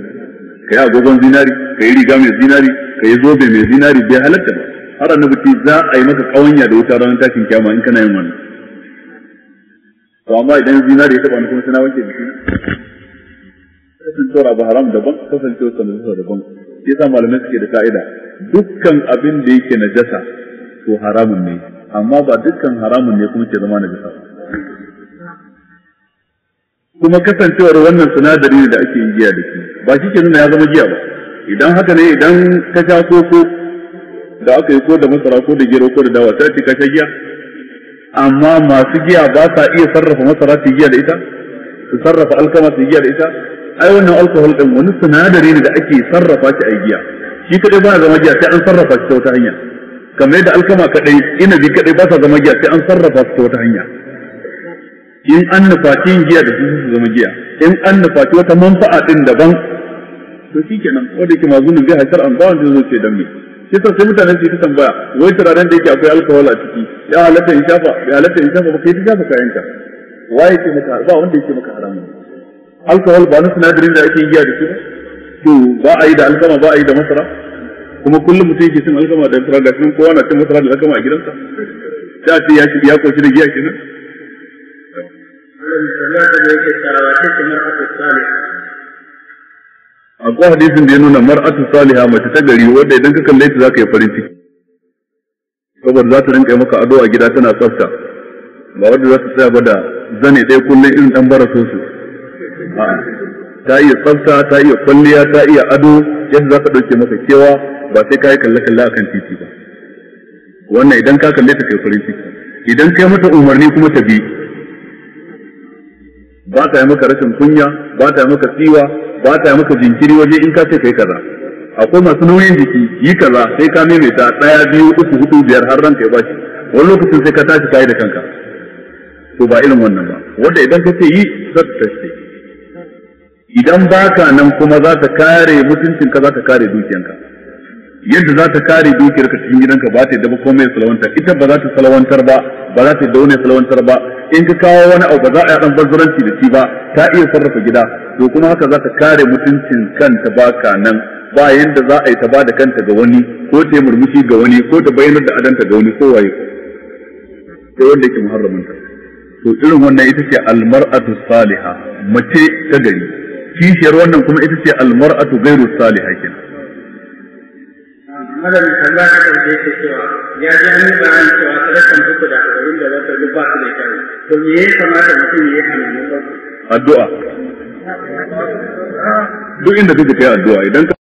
ka yi agogon zinari ka yi riga mai zinari ka yi zobe mai zinari bai halatta ba har annabi ce za a yi maka kawanya da wuta ranar tashin kiyama in kana yin wannan to amma idan zinari ya taba ni kuma sai na wanke jiki kasancewar abu haram daban kasancewar sanarwa daban ya sa malamai suke da ka'ida dukkan abin da yake najasa to haramun ne amma ba dukkan haramun ne kuma ke zama najasa ba kuma kasancewar wannan sinadari ne da ake yin giya da shi ba shi ke nuna ya zama giya ba idan haka ne idan ka sha koko da aka yi ko da masara ko da gero ko da dawa sai ka sha giya amma masu giya ba sa iya sarrafa masara su giya da ita su sarrafa alkama su giya da ita ai wannan alkohol din wani sinadari ne da ake sarrafa shi a giya shi kadai ba zama giya sai an sarrafa shi ta wata hanya kamar yadda alkama kadai inabi kadai ba sa zama giya sai an sarrafa shi ta wata hanya in an nufaci yin giya da su su zama giya in an nufaci wata manfa'a din daban to shi kenan wanda ke mazunu bi haifar an bawan wanda zai ce dan me shi ta sai mutanen su yi ta tambaya wai turaren da yake akwai alkohol a ciki ya halatta in shafa ya halatta in shafa baka yi ta shafa kayan ka waye ke maka ba wanda yake maka haramu alkohol ba na sinadarin da ake giya da su ba to ba a yi da alkama ba a yi da masara kuma kullum mutum yake cin alkama da masara ga kowa na cin masara da alkama a gidansa da ce ya ya koshi da giya kenan akwai hadisin da ya nuna mar'atu saliha mace ta gari wadda idan ka kalle ta zaka yi farin ciki saboda za ta rinka maka ado a gida tana tsafta ba wanda za ta tsaya ba da zane ɗaya kullum irin ɗan bara su ta iya tsafta ta iya kwalliya ta iya ado yadda za ka ɗauke maka kewa ba sai ka yi kalle-kalle a kan titi ba wannan idan ka kalle ta kai farin ciki idan kai mata umarni kuma ta bi ba ta yi maka rashin kunya ba ta yi maka tsiwa ba ta yi maka jinkiri waje in ka ce kai kaza akwai masu nauyin jiki yi kaza sai ka maimaita ɗaya biyu uku hudu biyar har ranka ya bashi wani lokacin sai ka tashi kayi da kanka to ba irin wannan ba wanda idan ka ce yi za ce idan ba nan kuma za ka kare mutuncinka za ka kare dukiyanka yadda za ta kare dukiyar ka cikin gidanka ba ta dafa ba komai salwantar ita ba za ta salwantar ba ba za ta daune salawantar ba in ka kawo wani abu ba za a yi dan bazuranci da shi ba ta iya sarrafa gida to kuma haka za ta kare mutuncin kanta ba ka nan ba yadda za a yi ta ba da kanta ga wani ko ta yi murmushi ga wani ko ta bayyanar da adanta ga wani ko waye Ko wanda yake muharramin ta to irin wannan ita ce almar'atu salihah mace ta gari kishiyar wannan kuma ita ce almar'atu ghairu salihah kenan malam tambaya ta karshe ke cewa ya ji an yi bayani cewa da arba'in da bakwai duk ba su da kyau to me ya kamata mutum ya yi a addu'a duk inda kake kai addu'a idan